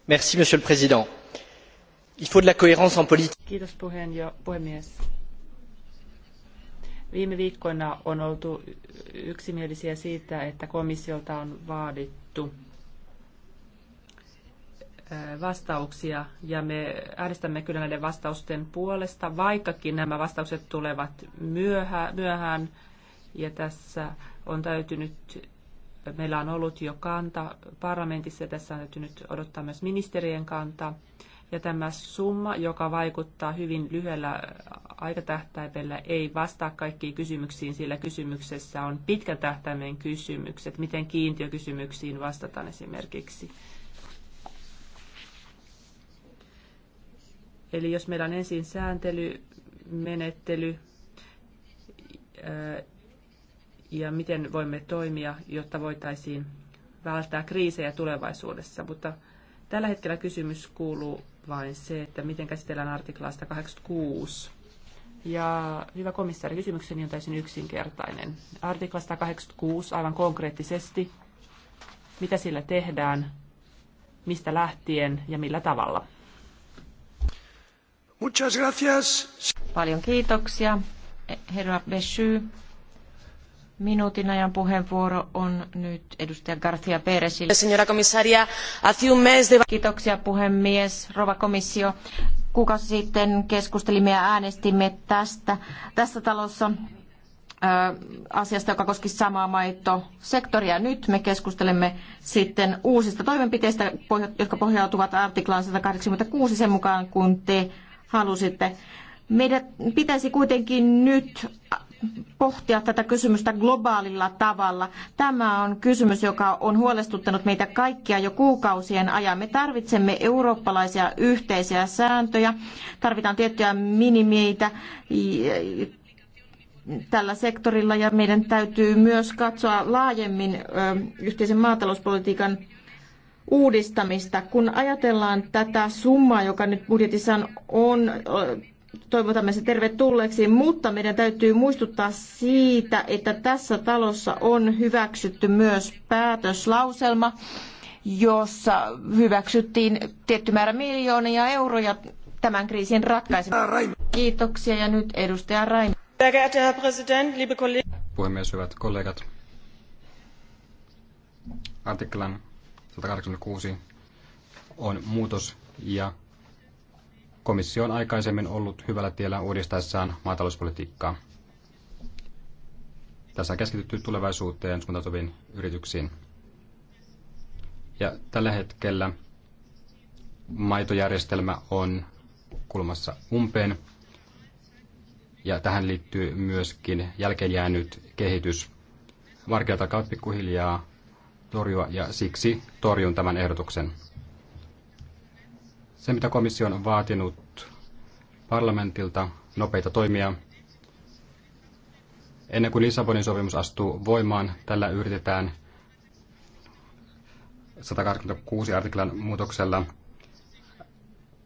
Merci, monsieur le président. Il faut de la cohérence en politique. Kiitos puhemies. Viime viikkoina on oltu yksimielisiä siitä, että komissiolta on vaadittu vastauksia ja me äänestämme kyllä näiden vastausten puolesta, vaikkakin nämä vastaukset tulevat myöhään. Ja tässä on täytynyt, meillä on ollut jo kanta parlamentissa ja tässä on täytynyt odottaa myös ministerien kanta. Ja tämä summa, joka vaikuttaa hyvin lyhyellä aikatähtäimellä, ei vastaa kaikkiin kysymyksiin, sillä kysymyksessä on pitkän tähtäimen kysymykset, miten kiintiökysymyksiin vastataan esimerkiksi. Eli jos meillä on ensin sääntelymenettely ja miten voimme toimia, jotta voitaisiin välttää kriisejä tulevaisuudessa. Mutta tällä hetkellä kysymys kuuluu vain se, että miten käsitellään artiklaa 186. Ja hyvä komissaari, kysymykseni on täysin yksinkertainen. Artikla 186 aivan konkreettisesti, mitä sillä tehdään, mistä lähtien ja millä tavalla? Muchas gracias. Paljon kiitoksia. Herra Besy, minuutin ajan puheenvuoro on nyt edustaja garcía Perezille. Señora komissaria, hace un mes de... Kiitoksia puhemies, rova komissio. Kuukausi sitten keskustelimme ja äänestimme tästä, tässä talossa asiasta, joka koski samaa maitosektoria. Nyt me keskustelemme sitten uusista toimenpiteistä, jotka pohjautuvat artiklaan 186 sen mukaan, kun te halusitte. Meidän pitäisi kuitenkin nyt pohtia tätä kysymystä globaalilla tavalla. Tämä on kysymys, joka on huolestuttanut meitä kaikkia jo kuukausien ajan. Me tarvitsemme eurooppalaisia yhteisiä sääntöjä, tarvitaan tiettyjä minimiitä tällä sektorilla ja meidän täytyy myös katsoa laajemmin yhteisen maatalouspolitiikan uudistamista. Kun ajatellaan tätä summaa, joka nyt budjetissa on, toivotamme se tervetulleeksi, mutta meidän täytyy muistuttaa siitä, että tässä talossa on hyväksytty myös päätöslauselma, jossa hyväksyttiin tietty määrä miljoonia euroja tämän kriisin ratkaisemiseksi. Kiitoksia ja nyt edustaja Raim. Puhemies, hyvät kollegat. Artiklan 186 on muutos ja komissio on aikaisemmin ollut hyvällä tiellä uudistaessaan maatalouspolitiikkaa. Tässä on keskitytty tulevaisuuteen suuntautuviin yrityksiin. Ja tällä hetkellä maitojärjestelmä on kulmassa umpeen. Ja tähän liittyy myöskin jälkeenjäänyt kehitys. Markkinat alkavat pikkuhiljaa torjua ja siksi torjun tämän ehdotuksen. Se, mitä komissio on vaatinut parlamentilta, nopeita toimia. Ennen kuin Lissabonin sopimus astuu voimaan, tällä yritetään 126 artiklan muutoksella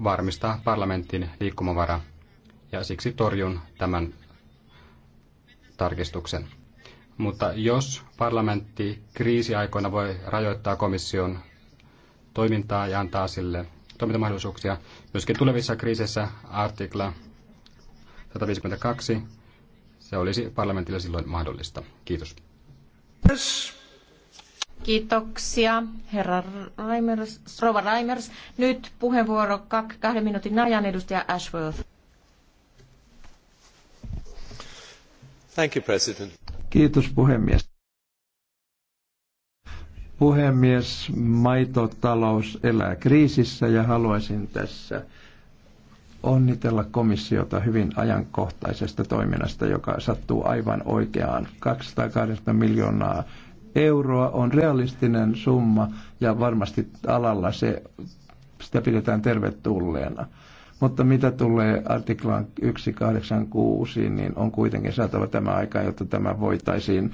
varmistaa parlamentin liikkumavara ja siksi torjun tämän tarkistuksen. Mutta jos parlamentti kriisiaikoina voi rajoittaa komission toimintaa ja antaa sille toimintamahdollisuuksia, myöskin tulevissa kriiseissä artikla 152, se olisi parlamentille silloin mahdollista. Kiitos. Kiitoksia, herra Reimers, Rova Reimers. Nyt puheenvuoro kahden minuutin ajan edustaja Ashworth. Thank you, President. Kiitos puhemies. Puhemies, maitotalous elää kriisissä ja haluaisin tässä onnitella komissiota hyvin ajankohtaisesta toiminnasta, joka sattuu aivan oikeaan. 280 miljoonaa euroa on realistinen summa ja varmasti alalla se, sitä pidetään tervetulleena. Mutta mitä tulee artiklaan 186, niin on kuitenkin saatava tämä aika, jotta tämä voitaisiin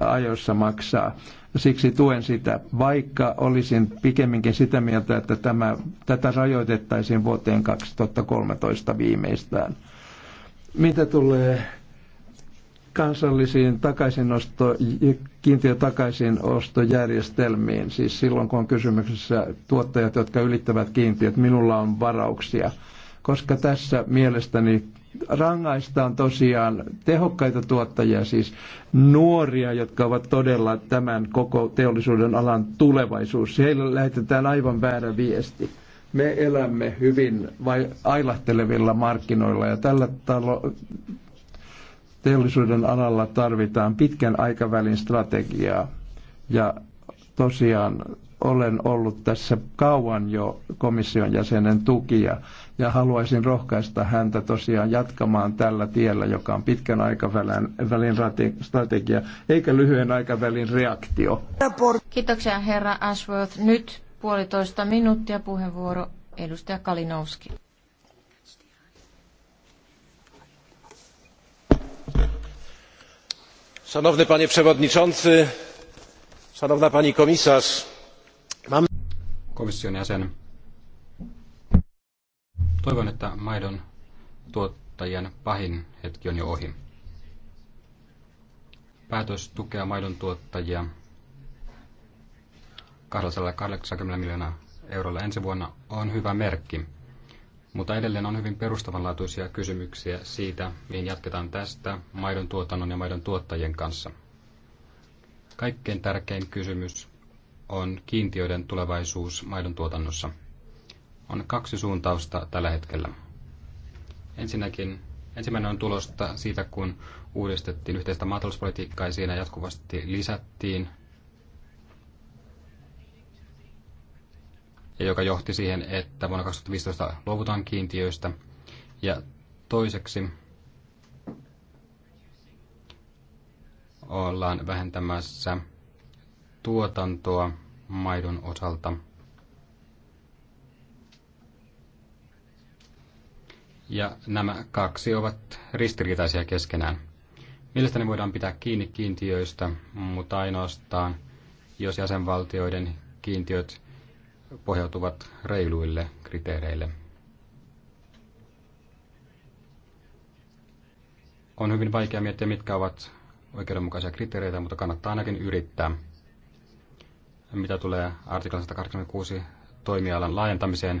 ajoissa maksaa. Siksi tuen sitä, vaikka olisin pikemminkin sitä mieltä, että tämä, tätä rajoitettaisiin vuoteen 2013 viimeistään. Mitä tulee kansallisiin takaisinosto, kiintiö takaisinostojärjestelmiin, siis silloin kun on kysymyksessä tuottajat, jotka ylittävät kiintiöt, minulla on varauksia – koska tässä mielestäni rangaistaan tosiaan tehokkaita tuottajia, siis nuoria, jotka ovat todella tämän koko teollisuuden alan tulevaisuus. Heille lähetetään aivan väärä viesti. Me elämme hyvin vai ailahtelevilla markkinoilla ja tällä talo, teollisuuden alalla tarvitaan pitkän aikavälin strategiaa ja tosiaan olen ollut tässä kauan jo komission jäsenen tukia ja haluaisin rohkaista häntä tosiaan jatkamaan tällä tiellä, joka on pitkän aikavälin välin strategia, eikä lyhyen aikavälin reaktio. Kiitoksia herra Ashworth. Nyt puolitoista minuuttia puheenvuoro edustaja Kalinowski. Szanowny panie przewodniczący, szanowna pani komisarz mam komission jäsen toivon että maidon tuottajien pahin hetki on jo ohi päätös tukea maidon tuottajia 280 miljoonaa eurolla ensi vuonna on hyvä merkki, mutta edelleen on hyvin perustavanlaatuisia kysymyksiä siitä, mihin jatketaan tästä maidon tuotannon ja maidon tuottajien kanssa. Kaikkein tärkein kysymys on kiintiöiden tulevaisuus maidon tuotannossa. On kaksi suuntausta tällä hetkellä. Ensinnäkin Ensimmäinen on tulosta siitä, kun uudistettiin yhteistä maatalouspolitiikkaa ja siinä jatkuvasti lisättiin, ja joka johti siihen, että vuonna 2015 luovutaan kiintiöistä. Ja toiseksi ollaan vähentämässä tuotantoa maidon osalta. Ja nämä kaksi ovat ristiriitaisia keskenään. Mielestäni voidaan pitää kiinni kiintiöistä, mutta ainoastaan, jos jäsenvaltioiden kiintiöt pohjautuvat reiluille kriteereille. On hyvin vaikea miettiä, mitkä ovat oikeudenmukaisia kriteereitä, mutta kannattaa ainakin yrittää. Mitä tulee artiklan 186 toimialan laajentamiseen,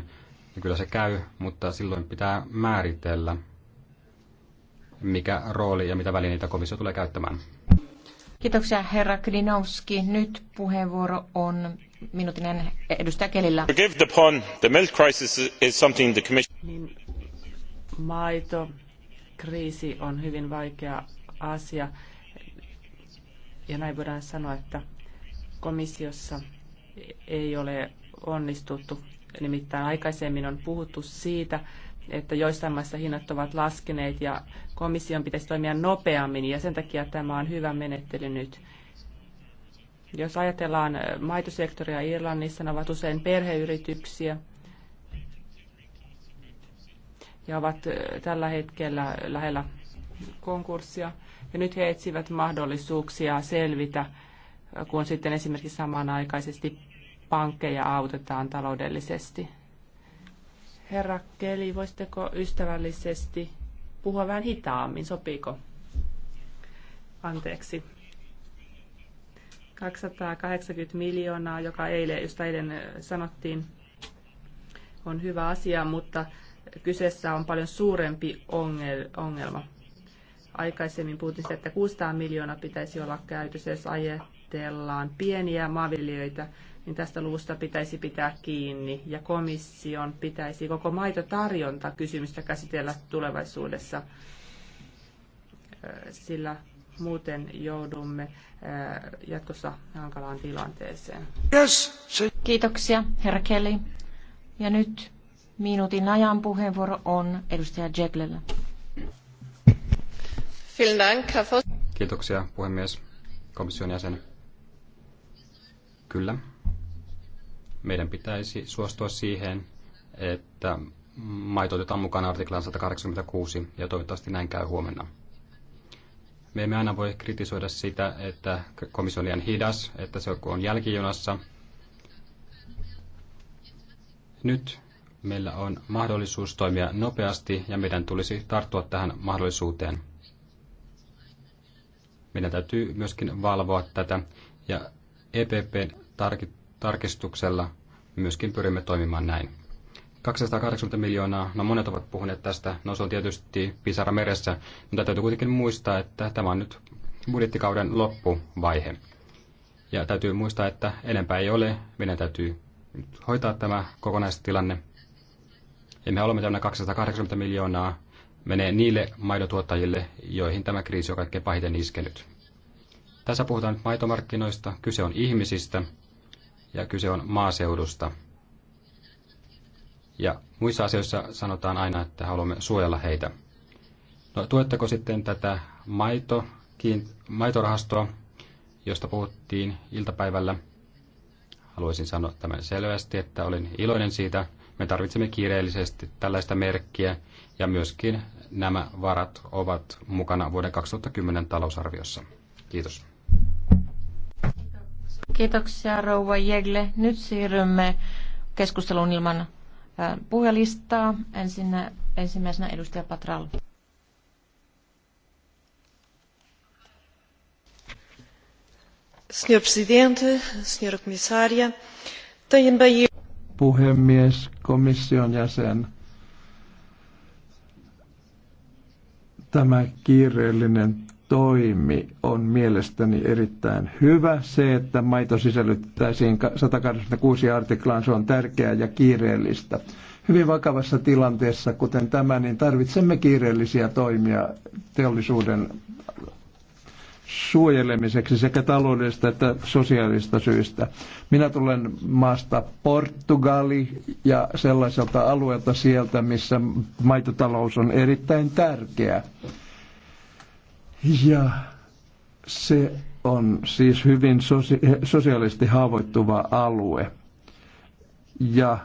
niin kyllä se käy, mutta silloin pitää määritellä, mikä rooli ja mitä välineitä komissio tulee käyttämään. Kiitoksia herra Klinowski. Nyt puheenvuoro on minuutinen edustaja Kelillä. Niin, maitokriisi on hyvin vaikea asia ja näin voidaan sanoa, että komissiossa ei ole onnistuttu. Nimittäin aikaisemmin on puhuttu siitä, että joissain maissa hinnat ovat laskeneet ja komission pitäisi toimia nopeammin ja sen takia tämä on hyvä menettely nyt. Jos ajatellaan äh, maitosektoria Irlannissa, ne ovat usein perheyrityksiä ja ovat äh, tällä hetkellä lähellä konkurssia. Ja nyt he etsivät mahdollisuuksia selvitä, kun sitten esimerkiksi samanaikaisesti pankkeja autetaan taloudellisesti. Herra Keli, voisitteko ystävällisesti puhua vähän hitaammin, sopiiko? Anteeksi. 280 miljoonaa, joka eilen, josta eilen sanottiin, on hyvä asia, mutta kyseessä on paljon suurempi ongelma. Aikaisemmin puhuttiin sitä, että 600 miljoonaa pitäisi olla käytössä, jos ajatellaan pieniä maanviljelijöitä, niin tästä luvusta pitäisi pitää kiinni ja komission pitäisi koko maitotarjonta kysymystä käsitellä tulevaisuudessa, sillä muuten joudumme jatkossa hankalaan tilanteeseen. Kiitoksia, herra Kelly. Ja nyt minuutin ajan puheenvuoro on edustaja Jeglellä. Kiitoksia puhemies, komission jäsen. Kyllä. Meidän pitäisi suostua siihen, että maito otetaan mukaan artiklan 186 ja toivottavasti näin käy huomenna. Me emme aina voi kritisoida sitä, että komissio on liian hidas, että se on jälkijunassa. Nyt meillä on mahdollisuus toimia nopeasti ja meidän tulisi tarttua tähän mahdollisuuteen. Meidän täytyy myöskin valvoa tätä ja EPPn tarkistuksella myöskin pyrimme toimimaan näin. 280 miljoonaa, no monet ovat puhuneet tästä, no se on tietysti pisara meressä, mutta täytyy kuitenkin muistaa, että tämä on nyt budjettikauden loppuvaihe. Ja täytyy muistaa, että enempää ei ole, meidän täytyy hoitaa tämä kokonaistilanne. Emme halua mitään 280 miljoonaa menee niille maidotuottajille, joihin tämä kriisi on kaikkein pahiten iskenyt. Tässä puhutaan nyt maitomarkkinoista, kyse on ihmisistä ja kyse on maaseudusta. Ja muissa asioissa sanotaan aina, että haluamme suojella heitä. No, tuetteko sitten tätä maito, kiin, maitorahastoa, josta puhuttiin iltapäivällä? Haluaisin sanoa tämän selvästi, että olin iloinen siitä. Me tarvitsemme kiireellisesti tällaista merkkiä ja myöskin nämä varat ovat mukana vuoden 2010 talousarviossa. Kiitos. Kiitoksia rouva Jegle. Nyt siirrymme keskusteluun ilman puhelistaa. Ensinnä, ensimmäisenä edustaja Patral. Senhor Presidente, Senhora Komissaria, Puhemies, komission jäsen Tämä kiireellinen toimi on mielestäni erittäin hyvä. Se, että maito sisällyttäisiin 186 artiklaan, se on tärkeää ja kiireellistä. Hyvin vakavassa tilanteessa, kuten tämä, niin tarvitsemme kiireellisiä toimia teollisuuden suojelemiseksi sekä taloudellista että sosiaalista syistä. Minä tulen maasta Portugali ja sellaiselta alueelta sieltä, missä maitotalous on erittäin tärkeä. Ja se on siis hyvin sosiaalisesti haavoittuva alue. Ja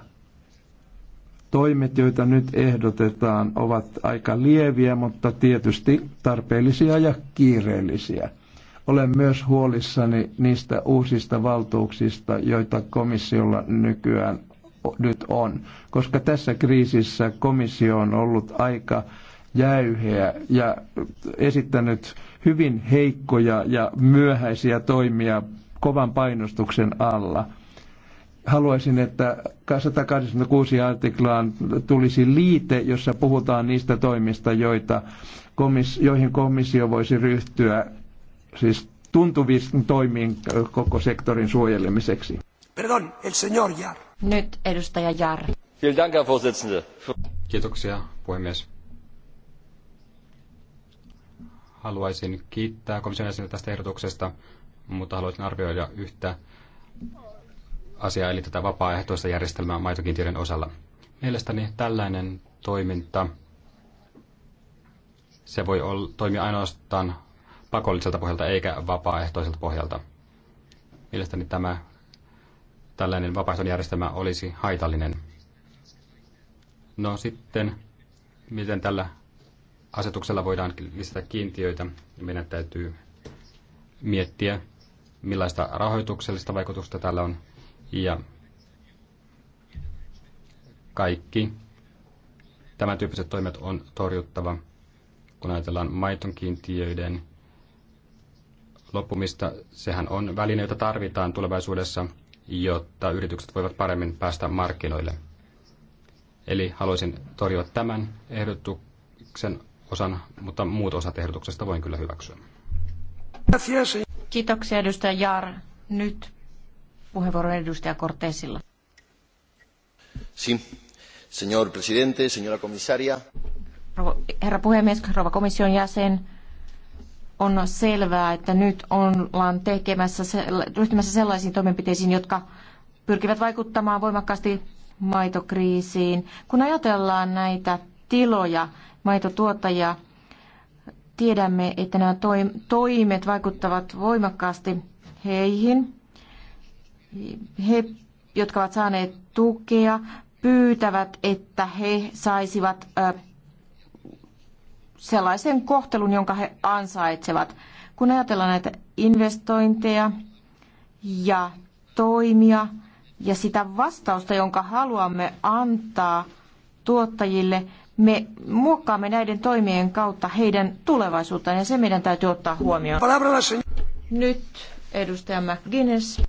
Toimet, joita nyt ehdotetaan, ovat aika lieviä, mutta tietysti tarpeellisia ja kiireellisiä. Olen myös huolissani niistä uusista valtuuksista, joita komissiolla nykyään nyt on, koska tässä kriisissä komissio on ollut aika jäyheä ja esittänyt hyvin heikkoja ja myöhäisiä toimia kovan painostuksen alla – haluaisin, että 286 artiklaan tulisi liite, jossa puhutaan niistä toimista, joita komis, joihin komissio voisi ryhtyä, siis tuntuvista toimiin koko sektorin suojelemiseksi. Perdon, el señor Jar. Nyt edustaja Jar. Kiitoksia, puhemies. Haluaisin kiittää komission tästä ehdotuksesta, mutta haluaisin arvioida yhtä asiaa, eli tätä vapaaehtoista järjestelmää maitokiintiöiden osalla. Mielestäni tällainen toiminta, se voi olla, toimia ainoastaan pakolliselta pohjalta eikä vapaaehtoiselta pohjalta. Mielestäni tämä tällainen vapaaehtoinen järjestelmä olisi haitallinen. No sitten, miten tällä asetuksella voidaan lisätä kiintiöitä, meidän täytyy miettiä, millaista rahoituksellista vaikutusta tällä on ja kaikki tämän tyyppiset toimet on torjuttava, kun ajatellaan maitonkiintiöiden loppumista. Sehän on väline, jota tarvitaan tulevaisuudessa, jotta yritykset voivat paremmin päästä markkinoille. Eli haluaisin torjua tämän ehdotuksen osan, mutta muut osat ehdotuksesta voin kyllä hyväksyä. Kiitoksia edustaja Jaar. Nyt puheenvuoron edustaja Cortesilla. Señor presidente, señora komissaria. Herra puhemies, rouva komission jäsen, on selvää, että nyt ollaan tekemässä, ryhtymässä sellaisiin toimenpiteisiin, jotka pyrkivät vaikuttamaan voimakkaasti maitokriisiin. Kun ajatellaan näitä tiloja, maitotuottajia, tiedämme, että nämä toimet vaikuttavat voimakkaasti heihin he, jotka ovat saaneet tukea, pyytävät, että he saisivat sellaisen kohtelun, jonka he ansaitsevat. Kun ajatellaan näitä investointeja ja toimia ja sitä vastausta, jonka haluamme antaa tuottajille, me muokkaamme näiden toimien kautta heidän tulevaisuuttaan ja se meidän täytyy ottaa huomioon. Nyt edustaja McGuinness.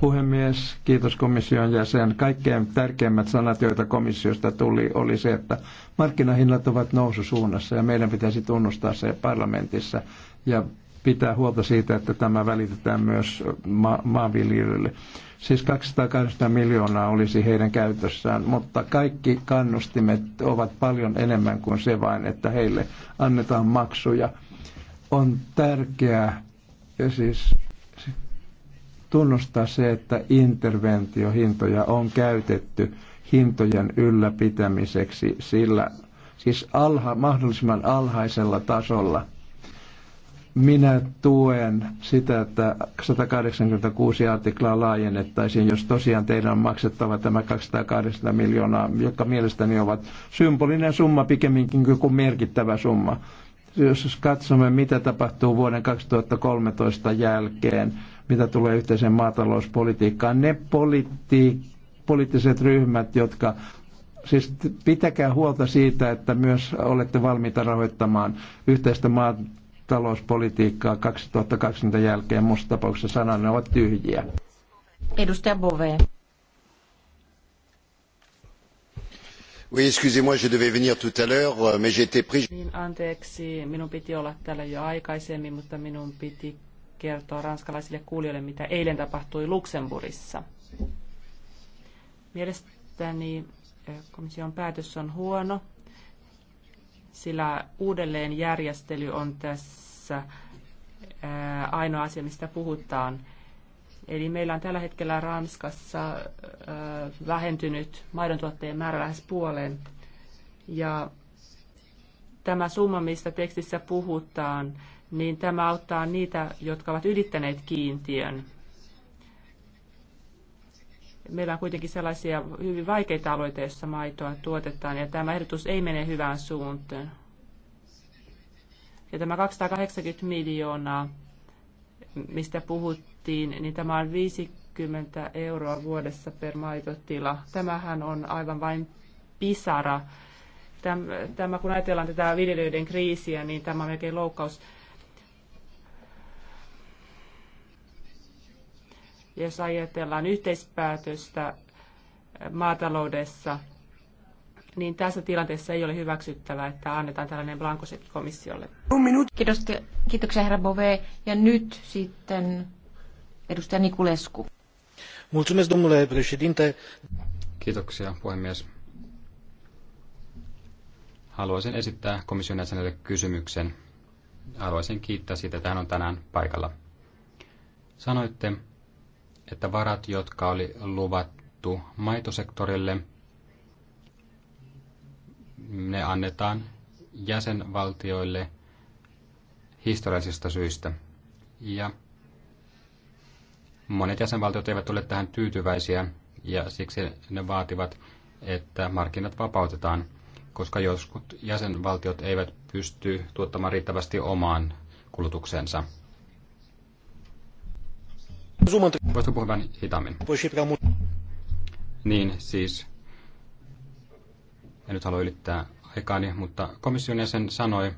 Puhemies, kiitos komission jäsen. Kaikkein tärkeimmät sanat, joita komissiosta tuli, oli se, että markkinahinnat ovat noususuunnassa ja meidän pitäisi tunnustaa se parlamentissa ja pitää huolta siitä, että tämä välitetään myös ma- maanviljelijöille. Siis 280 miljoonaa olisi heidän käytössään, mutta kaikki kannustimet ovat paljon enemmän kuin se vain, että heille annetaan maksuja. On tärkeää ja siis tunnustaa se, että interventiohintoja on käytetty hintojen ylläpitämiseksi sillä, siis alha, mahdollisimman alhaisella tasolla. Minä tuen sitä, että 186 artiklaa laajennettaisiin, jos tosiaan teidän on maksettava tämä 280 miljoonaa, joka mielestäni ovat symbolinen summa pikemminkin kuin merkittävä summa jos katsomme, mitä tapahtuu vuoden 2013 jälkeen, mitä tulee yhteiseen maatalouspolitiikkaan, ne politi- poliittiset ryhmät, jotka siis pitäkää huolta siitä, että myös olette valmiita rahoittamaan yhteistä maatalouspolitiikkaa 2020 jälkeen. Musta tapauksessa sananne ovat tyhjiä. Edustaja Bove. Oui, excusez-moi, je devais venir tout à l'heure, euh, mais pris. Niin, anteeksi, minun piti olla täällä jo aikaisemmin, mutta minun piti kertoa ranskalaisille kuulijoille, mitä eilen tapahtui Luxemburissa. Mielestäni komission päätös on huono, sillä uudelleen järjestely on tässä ainoa asia, mistä puhutaan. Eli meillä on tällä hetkellä Ranskassa vähentynyt maidontuottajien määrä lähes puoleen. Ja tämä summa, mistä tekstissä puhutaan, niin tämä auttaa niitä, jotka ovat ylittäneet kiintiön. Meillä on kuitenkin sellaisia hyvin vaikeita alueita, joissa maitoa tuotetaan, ja tämä ehdotus ei mene hyvään suuntaan. Ja tämä 280 miljoonaa mistä puhuttiin, niin tämä on 50 euroa vuodessa per maitotila. Tämähän on aivan vain pisara. Tämä, kun ajatellaan tätä viljelijöiden kriisiä, niin tämä on melkein loukkaus. Jos ajatellaan yhteispäätöstä maataloudessa, niin tässä tilanteessa ei ole hyväksyttävää, että annetaan tällainen blankosekki komissiolle. Kiitos, kiitoksia herra Bove. Ja nyt sitten edustaja Nikulesku. Kiitoksia, puhemies. Haluaisin esittää komission jäsenelle kysymyksen. Haluaisin kiittää siitä, että hän on tänään paikalla. Sanoitte, että varat, jotka oli luvattu maitosektorille – ne annetaan jäsenvaltioille historiallisista syistä. Ja monet jäsenvaltiot eivät ole tähän tyytyväisiä ja siksi ne vaativat, että markkinat vapautetaan, koska joskus jäsenvaltiot eivät pysty tuottamaan riittävästi omaan kulutukseensa. Voisitko puhua vähän hitaammin? Niin, siis en nyt halua ylittää aikaani, mutta komission jäsen sanoi,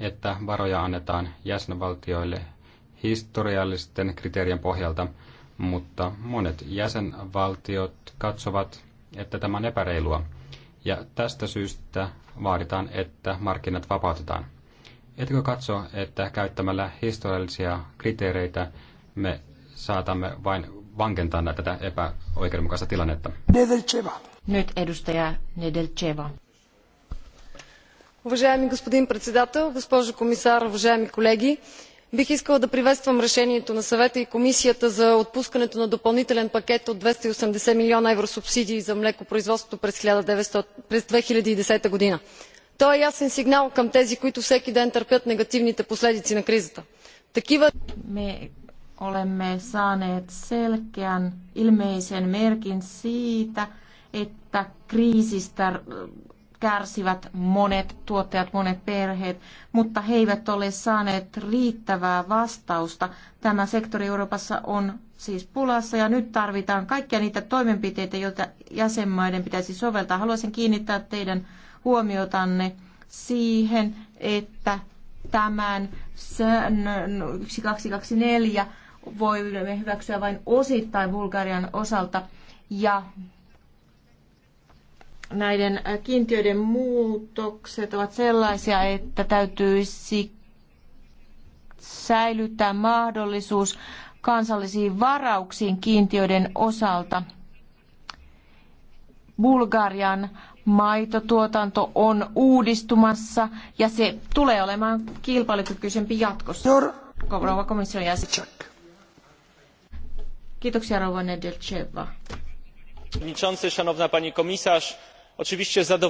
että varoja annetaan jäsenvaltioille historiallisten kriteerien pohjalta, mutta monet jäsenvaltiot katsovat, että tämä on epäreilua. Ja tästä syystä vaaditaan, että markkinat vapautetaan. Etkö katso, että käyttämällä historiallisia kriteereitä me saatamme vain vankentaa tätä epäoikeudenmukaista tilannetta? Nedelcheva. Уважаеми господин председател, госпожо комисар, уважаеми колеги! бих искала да приветствам решението на съвета и комисията за отпускането на допълнителен пакет от двеста и осемдесет милиона евро субсидии за млекопроизводството през две хиляди и десета година. то е ясен сигнал към тези които всеки ден търпят негативните последици на кризата. такива me olemme saaneet selkeän ilmeisen merkin siitä että kriisistä kärsivät monet tuottajat, monet perheet, mutta he eivät ole saaneet riittävää vastausta. Tämä sektori Euroopassa on siis pulassa ja nyt tarvitaan kaikkia niitä toimenpiteitä, joita jäsenmaiden pitäisi soveltaa. Haluaisin kiinnittää teidän huomiotanne siihen, että tämän 1224 voimme hyväksyä vain osittain Bulgarian osalta ja näiden äh, kiintiöiden muutokset ovat sellaisia, että täytyisi säilyttää mahdollisuus kansallisiin varauksiin kiintiöiden osalta. Bulgarian maitotuotanto on uudistumassa ja se tulee olemaan kilpailukykyisempi jatkossa. Rouva komission jäsen. Kiitoksia rouva Nedelcheva. Pani komisarz, oczywiście z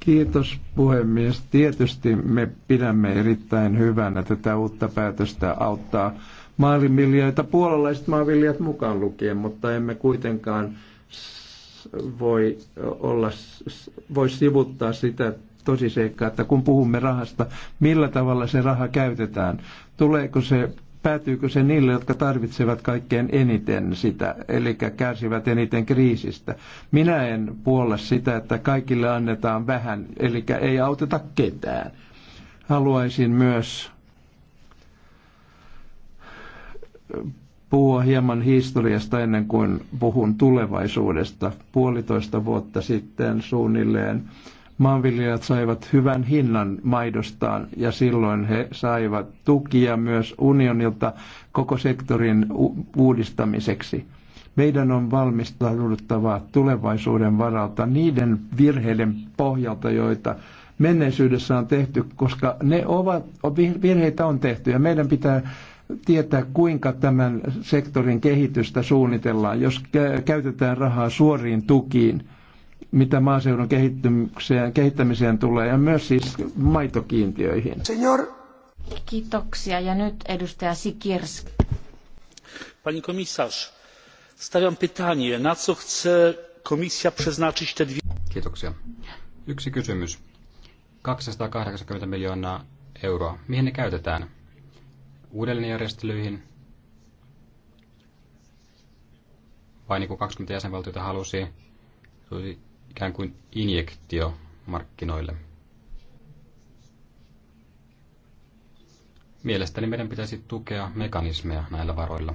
Kiitos puhemies. Tietysti me pidämme erittäin hyvänä tätä uutta päätöstä auttaa maanviljelijöitä, puolalaiset maanviljelijät mukaan lukien, mutta emme kuitenkaan voi, olla, voi sivuttaa sitä tosiseikkaa, että kun puhumme rahasta, millä tavalla se raha käytetään. Tuleeko se päätyykö se niille, jotka tarvitsevat kaikkein eniten sitä, eli kärsivät eniten kriisistä. Minä en puolla sitä, että kaikille annetaan vähän, eli ei auteta ketään. Haluaisin myös puhua hieman historiasta ennen kuin puhun tulevaisuudesta. Puolitoista vuotta sitten suunnilleen maanviljelijät saivat hyvän hinnan maidostaan ja silloin he saivat tukia myös unionilta koko sektorin uudistamiseksi. Meidän on valmistauduttava tulevaisuuden varalta niiden virheiden pohjalta, joita menneisyydessä on tehty, koska ne ovat, virheitä on tehty ja meidän pitää tietää, kuinka tämän sektorin kehitystä suunnitellaan, jos käytetään rahaa suoriin tukiin – mitä maaseudun kehittymiseen, kehittämiseen tulee ja myös siis maitokiintiöihin. Senior. Kiitoksia ja nyt edustaja Sikirsk. Pani komisarz, stawiam pytanie, na co chce komisja przeznaczyć te dwie... Kiitoksia. Yksi kysymys. 280 miljoonaa euroa. Mihin ne käytetään? Uudelleenjärjestelyihin? Vai niin kuin 20 jäsenvaltiota halusi, ikään kuin injektio markkinoille. Mielestäni meidän pitäisi tukea mekanismeja näillä varoilla.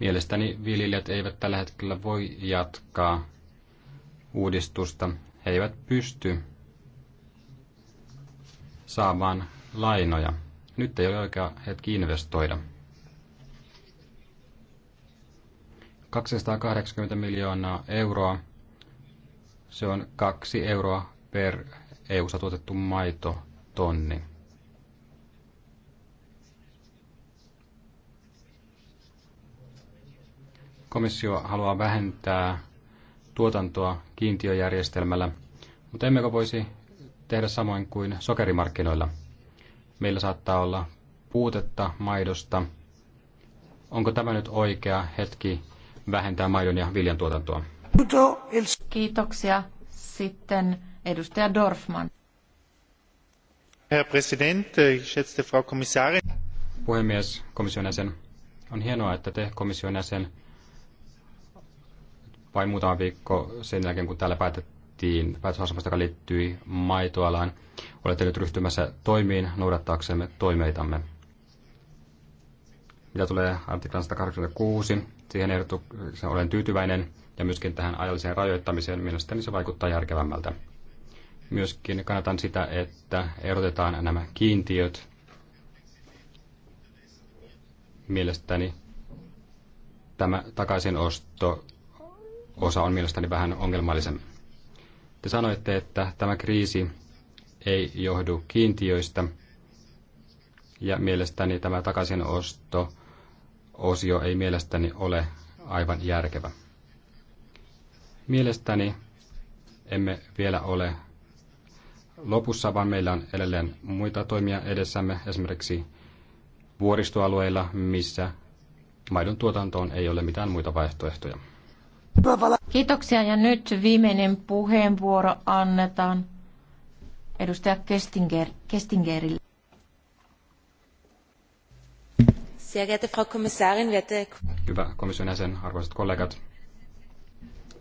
Mielestäni viljelijät eivät tällä hetkellä voi jatkaa uudistusta. He eivät pysty saamaan lainoja. Nyt ei ole oikea hetki investoida. 280 miljoonaa euroa. Se on kaksi euroa per EU-ssa tuotettu maitotonni. Komissio haluaa vähentää tuotantoa kiintiöjärjestelmällä, mutta emmekö voisi tehdä samoin kuin sokerimarkkinoilla? Meillä saattaa olla puutetta maidosta. Onko tämä nyt oikea hetki vähentää maidon ja viljan tuotantoa. Kiitoksia. Sitten edustaja Dorfman. Herr Präsident, geschätzte Frau Kommissarin. Puhemies, komission jäsen. On hienoa, että te komission jäsen vain muutama viikko sen jälkeen, kun täällä päätettiin päätösasemasta, joka liittyi maitoalaan, olette nyt ryhtymässä toimiin noudattaaksemme toimeitamme. Mitä tulee artiklan 186, Siihen ehdotukseen olen tyytyväinen ja myöskin tähän ajalliseen rajoittamiseen mielestäni se vaikuttaa järkevämmältä. Myöskin kannatan sitä, että erotetaan nämä kiintiöt. Mielestäni tämä takaisinosto osa on mielestäni vähän ongelmallisempi. Te sanoitte, että tämä kriisi ei johdu kiintiöistä, ja mielestäni tämä takaisinosto osio ei mielestäni ole aivan järkevä. Mielestäni emme vielä ole lopussa, vaan meillä on edelleen muita toimia edessämme, esimerkiksi vuoristoalueilla, missä maidon tuotantoon ei ole mitään muita vaihtoehtoja. Kiitoksia ja nyt viimeinen puheenvuoro annetaan edustaja Kestinger, Kestingerille. Sehr geehrte Frau Kommissarin, werte... Hyvä komission jäsen, arvoisat kollegat.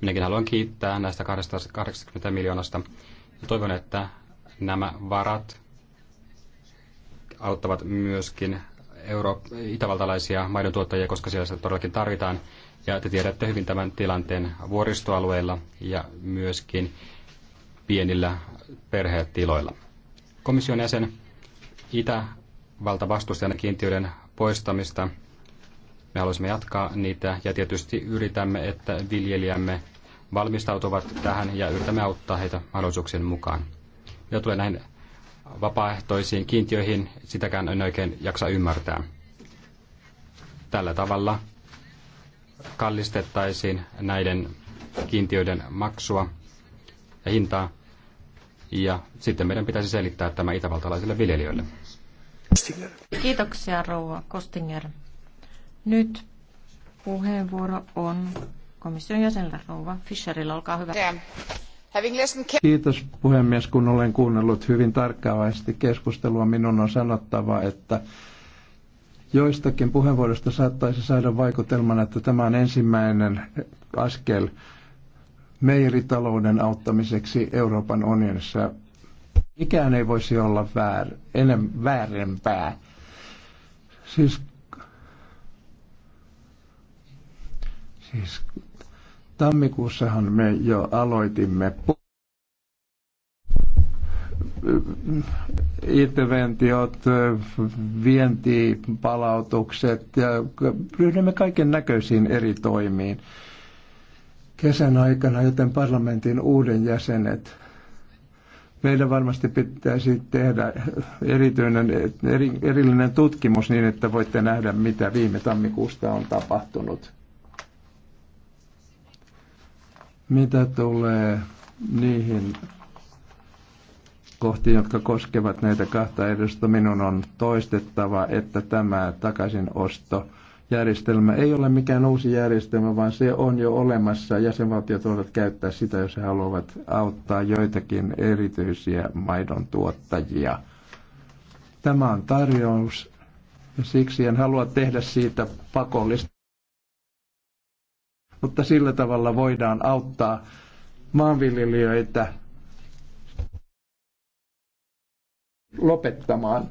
Minäkin haluan kiittää näistä 80 miljoonasta ja toivon, että nämä varat auttavat myöskin euro- itävaltalaisia maidontuottajia, koska siellä sitä todellakin tarvitaan. Ja te tiedätte hyvin tämän tilanteen vuoristoalueilla ja myöskin pienillä perhetiloilla. Komission jäsen Itävalta vastusti aina kiintiöiden poistamista. Me haluaisimme jatkaa niitä ja tietysti yritämme, että viljelijämme valmistautuvat tähän ja yritämme auttaa heitä mahdollisuuksien mukaan. Ja tulee näihin vapaaehtoisiin kiintiöihin, sitäkään en oikein jaksa ymmärtää. Tällä tavalla kallistettaisiin näiden kiintiöiden maksua ja hintaa, ja sitten meidän pitäisi selittää tämä itävaltalaisille viljelijöille. Kiitoksia rouva Kostinger. Nyt puheenvuoro on komission jäsenellä rouva Fischerillä. Olkaa hyvä. Kiitos puhemies, kun olen kuunnellut hyvin tarkkaavaisesti keskustelua. Minun on sanottava, että joistakin puheenvuoroista saattaisi saada vaikutelman, että tämä on ensimmäinen askel meiritalouden auttamiseksi Euroopan unionissa. Mikään ei voisi olla väär, enem, väärempää. Siis, siis tammikuussahan me jo aloitimme interventiot, vientipalautukset ja ryhdymme kaiken näköisiin eri toimiin kesän aikana, joten parlamentin uuden jäsenet meidän varmasti pitäisi tehdä erityinen, eri, erillinen tutkimus niin, että voitte nähdä, mitä viime tammikuusta on tapahtunut. Mitä tulee niihin kohtiin, jotka koskevat näitä kahta edusta, minun on toistettava, että tämä takaisinosto järjestelmä ei ole mikään uusi järjestelmä, vaan se on jo olemassa. Jäsenvaltiot voivat käyttää sitä, jos he haluavat auttaa joitakin erityisiä maidon tuottajia. Tämä on tarjous ja siksi en halua tehdä siitä pakollista. Mutta sillä tavalla voidaan auttaa maanviljelijöitä lopettamaan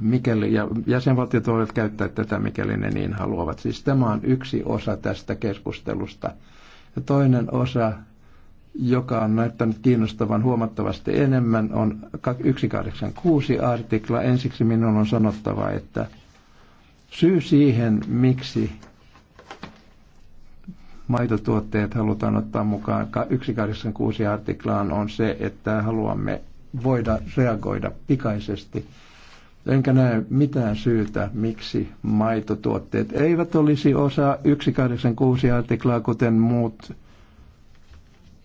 mikäli, ja jäsenvaltiot voivat käyttää tätä, mikäli ne niin haluavat. Siis tämä on yksi osa tästä keskustelusta. Ja toinen osa, joka on näyttänyt kiinnostavan huomattavasti enemmän, on 186 artikla. Ensiksi minun on sanottava, että syy siihen, miksi maitotuotteet halutaan ottaa mukaan 186 artiklaan on se, että haluamme voida reagoida pikaisesti enkä näe mitään syytä, miksi maitotuotteet eivät olisi osa 186 artiklaa, kuten muut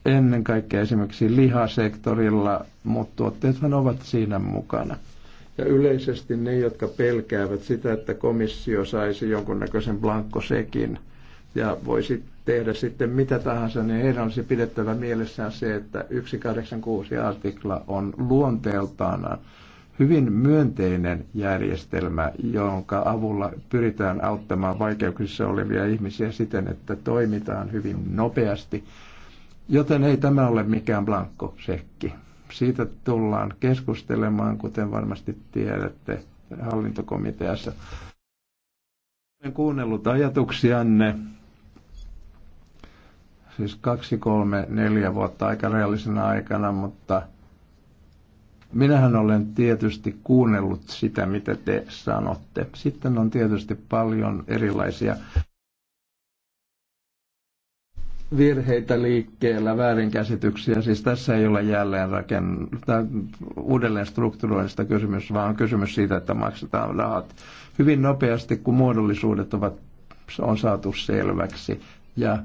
ennen kaikkea esimerkiksi lihasektorilla, mutta tuotteethan ovat siinä mukana. Ja yleisesti ne, jotka pelkäävät sitä, että komissio saisi jonkunnäköisen blankkosekin ja voisi tehdä sitten mitä tahansa, niin heidän olisi pidettävä mielessään se, että 186 artikla on luonteeltaan hyvin myönteinen järjestelmä, jonka avulla pyritään auttamaan vaikeuksissa olevia ihmisiä siten, että toimitaan hyvin nopeasti. Joten ei tämä ole mikään blankkosekki. Siitä tullaan keskustelemaan, kuten varmasti tiedätte, hallintokomiteassa. Olen kuunnellut ajatuksianne siis kaksi, kolme, neljä vuotta aika reaalisena aikana, mutta – Minähän olen tietysti kuunnellut sitä, mitä te sanotte. Sitten on tietysti paljon erilaisia virheitä liikkeellä, väärinkäsityksiä. Siis tässä ei ole jälleen raken... uudelleen strukturoinnista kysymys, vaan on kysymys siitä, että maksetaan rahat hyvin nopeasti, kun muodollisuudet ovat, on saatu selväksi. Ja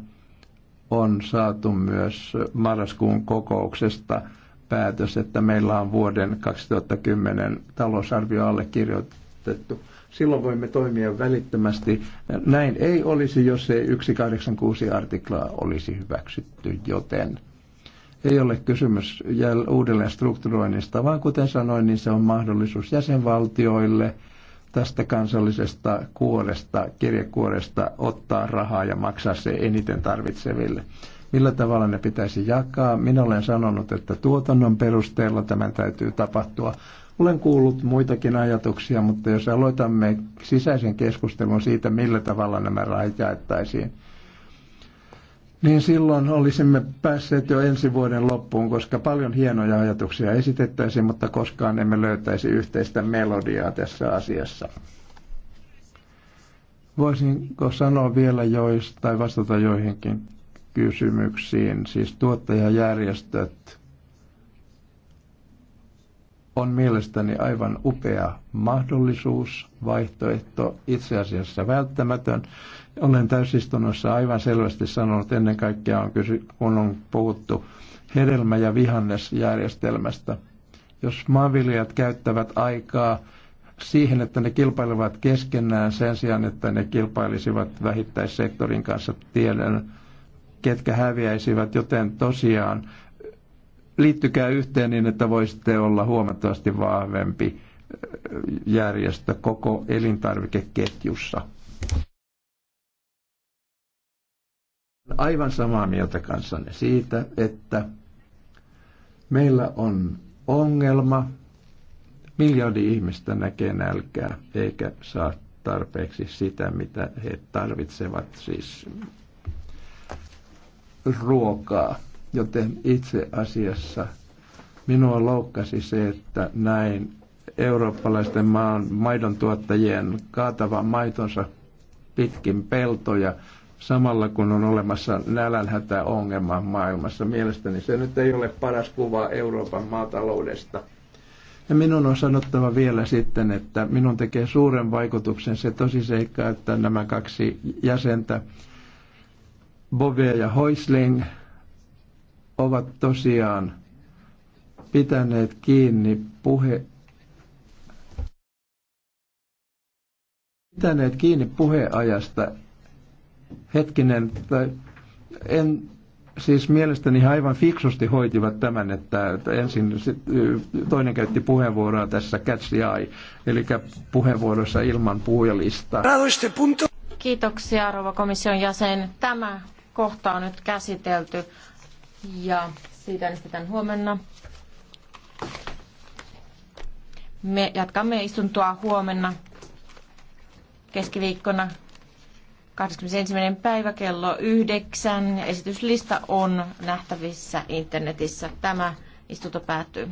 on saatu myös marraskuun kokouksesta päätös, että meillä on vuoden 2010 talousarvio allekirjoitettu. Silloin voimme toimia välittömästi. Näin ei olisi, jos ei 186 artiklaa olisi hyväksytty, joten ei ole kysymys uudelleen strukturoinnista, vaan kuten sanoin, niin se on mahdollisuus jäsenvaltioille tästä kansallisesta kuoresta, kirjekuoresta ottaa rahaa ja maksaa se eniten tarvitseville millä tavalla ne pitäisi jakaa. Minä olen sanonut, että tuotannon perusteella tämän täytyy tapahtua. Olen kuullut muitakin ajatuksia, mutta jos aloitamme sisäisen keskustelun siitä, millä tavalla nämä rahat jaettaisiin, niin silloin olisimme päässeet jo ensi vuoden loppuun, koska paljon hienoja ajatuksia esitettäisiin, mutta koskaan emme löytäisi yhteistä melodiaa tässä asiassa. Voisinko sanoa vielä tai vastata joihinkin kysymyksiin, siis tuottajajärjestöt, on mielestäni aivan upea mahdollisuus, vaihtoehto, itse asiassa välttämätön. Olen täysistunnossa aivan selvästi sanonut, ennen kaikkea on kysy, kun on puhuttu hedelmä- ja vihannesjärjestelmästä. Jos maanviljelijät käyttävät aikaa siihen, että ne kilpailevat keskenään sen sijaan, että ne kilpailisivat vähittäissektorin kanssa, tiedän, ketkä häviäisivät, joten tosiaan liittykää yhteen niin, että voisitte olla huomattavasti vahvempi järjestö koko elintarvikeketjussa. Aivan samaa mieltä kanssanne siitä, että meillä on ongelma. Miljardi ihmistä näkee nälkää eikä saa tarpeeksi sitä, mitä he tarvitsevat, siis ruokaa, joten itse asiassa minua loukkasi se, että näin eurooppalaisten maan maidon tuottajien kaatavan maitonsa pitkin peltoja samalla kun on olemassa ongelma maailmassa. Mielestäni se nyt ei ole paras kuva Euroopan maataloudesta. Ja minun on sanottava vielä sitten, että minun tekee suuren vaikutuksen se tosiseikka, että nämä kaksi jäsentä Bove ja Hoisling ovat tosiaan pitäneet kiinni puhe pitäneet kiinni puheajasta. Hetkinen, tai en siis mielestäni aivan fiksusti hoitivat tämän, että että ensin toinen käytti puheenvuoroa tässä catch the eye, eli puheenvuorossa ilman puhujalista. Kiitoksia, rouva komission jäsen. Tämä kohta on nyt käsitelty ja siitä äänestetään huomenna. Me jatkamme istuntoa huomenna keskiviikkona 21. päivä kello 9 ja esityslista on nähtävissä internetissä. Tämä istunto päättyy.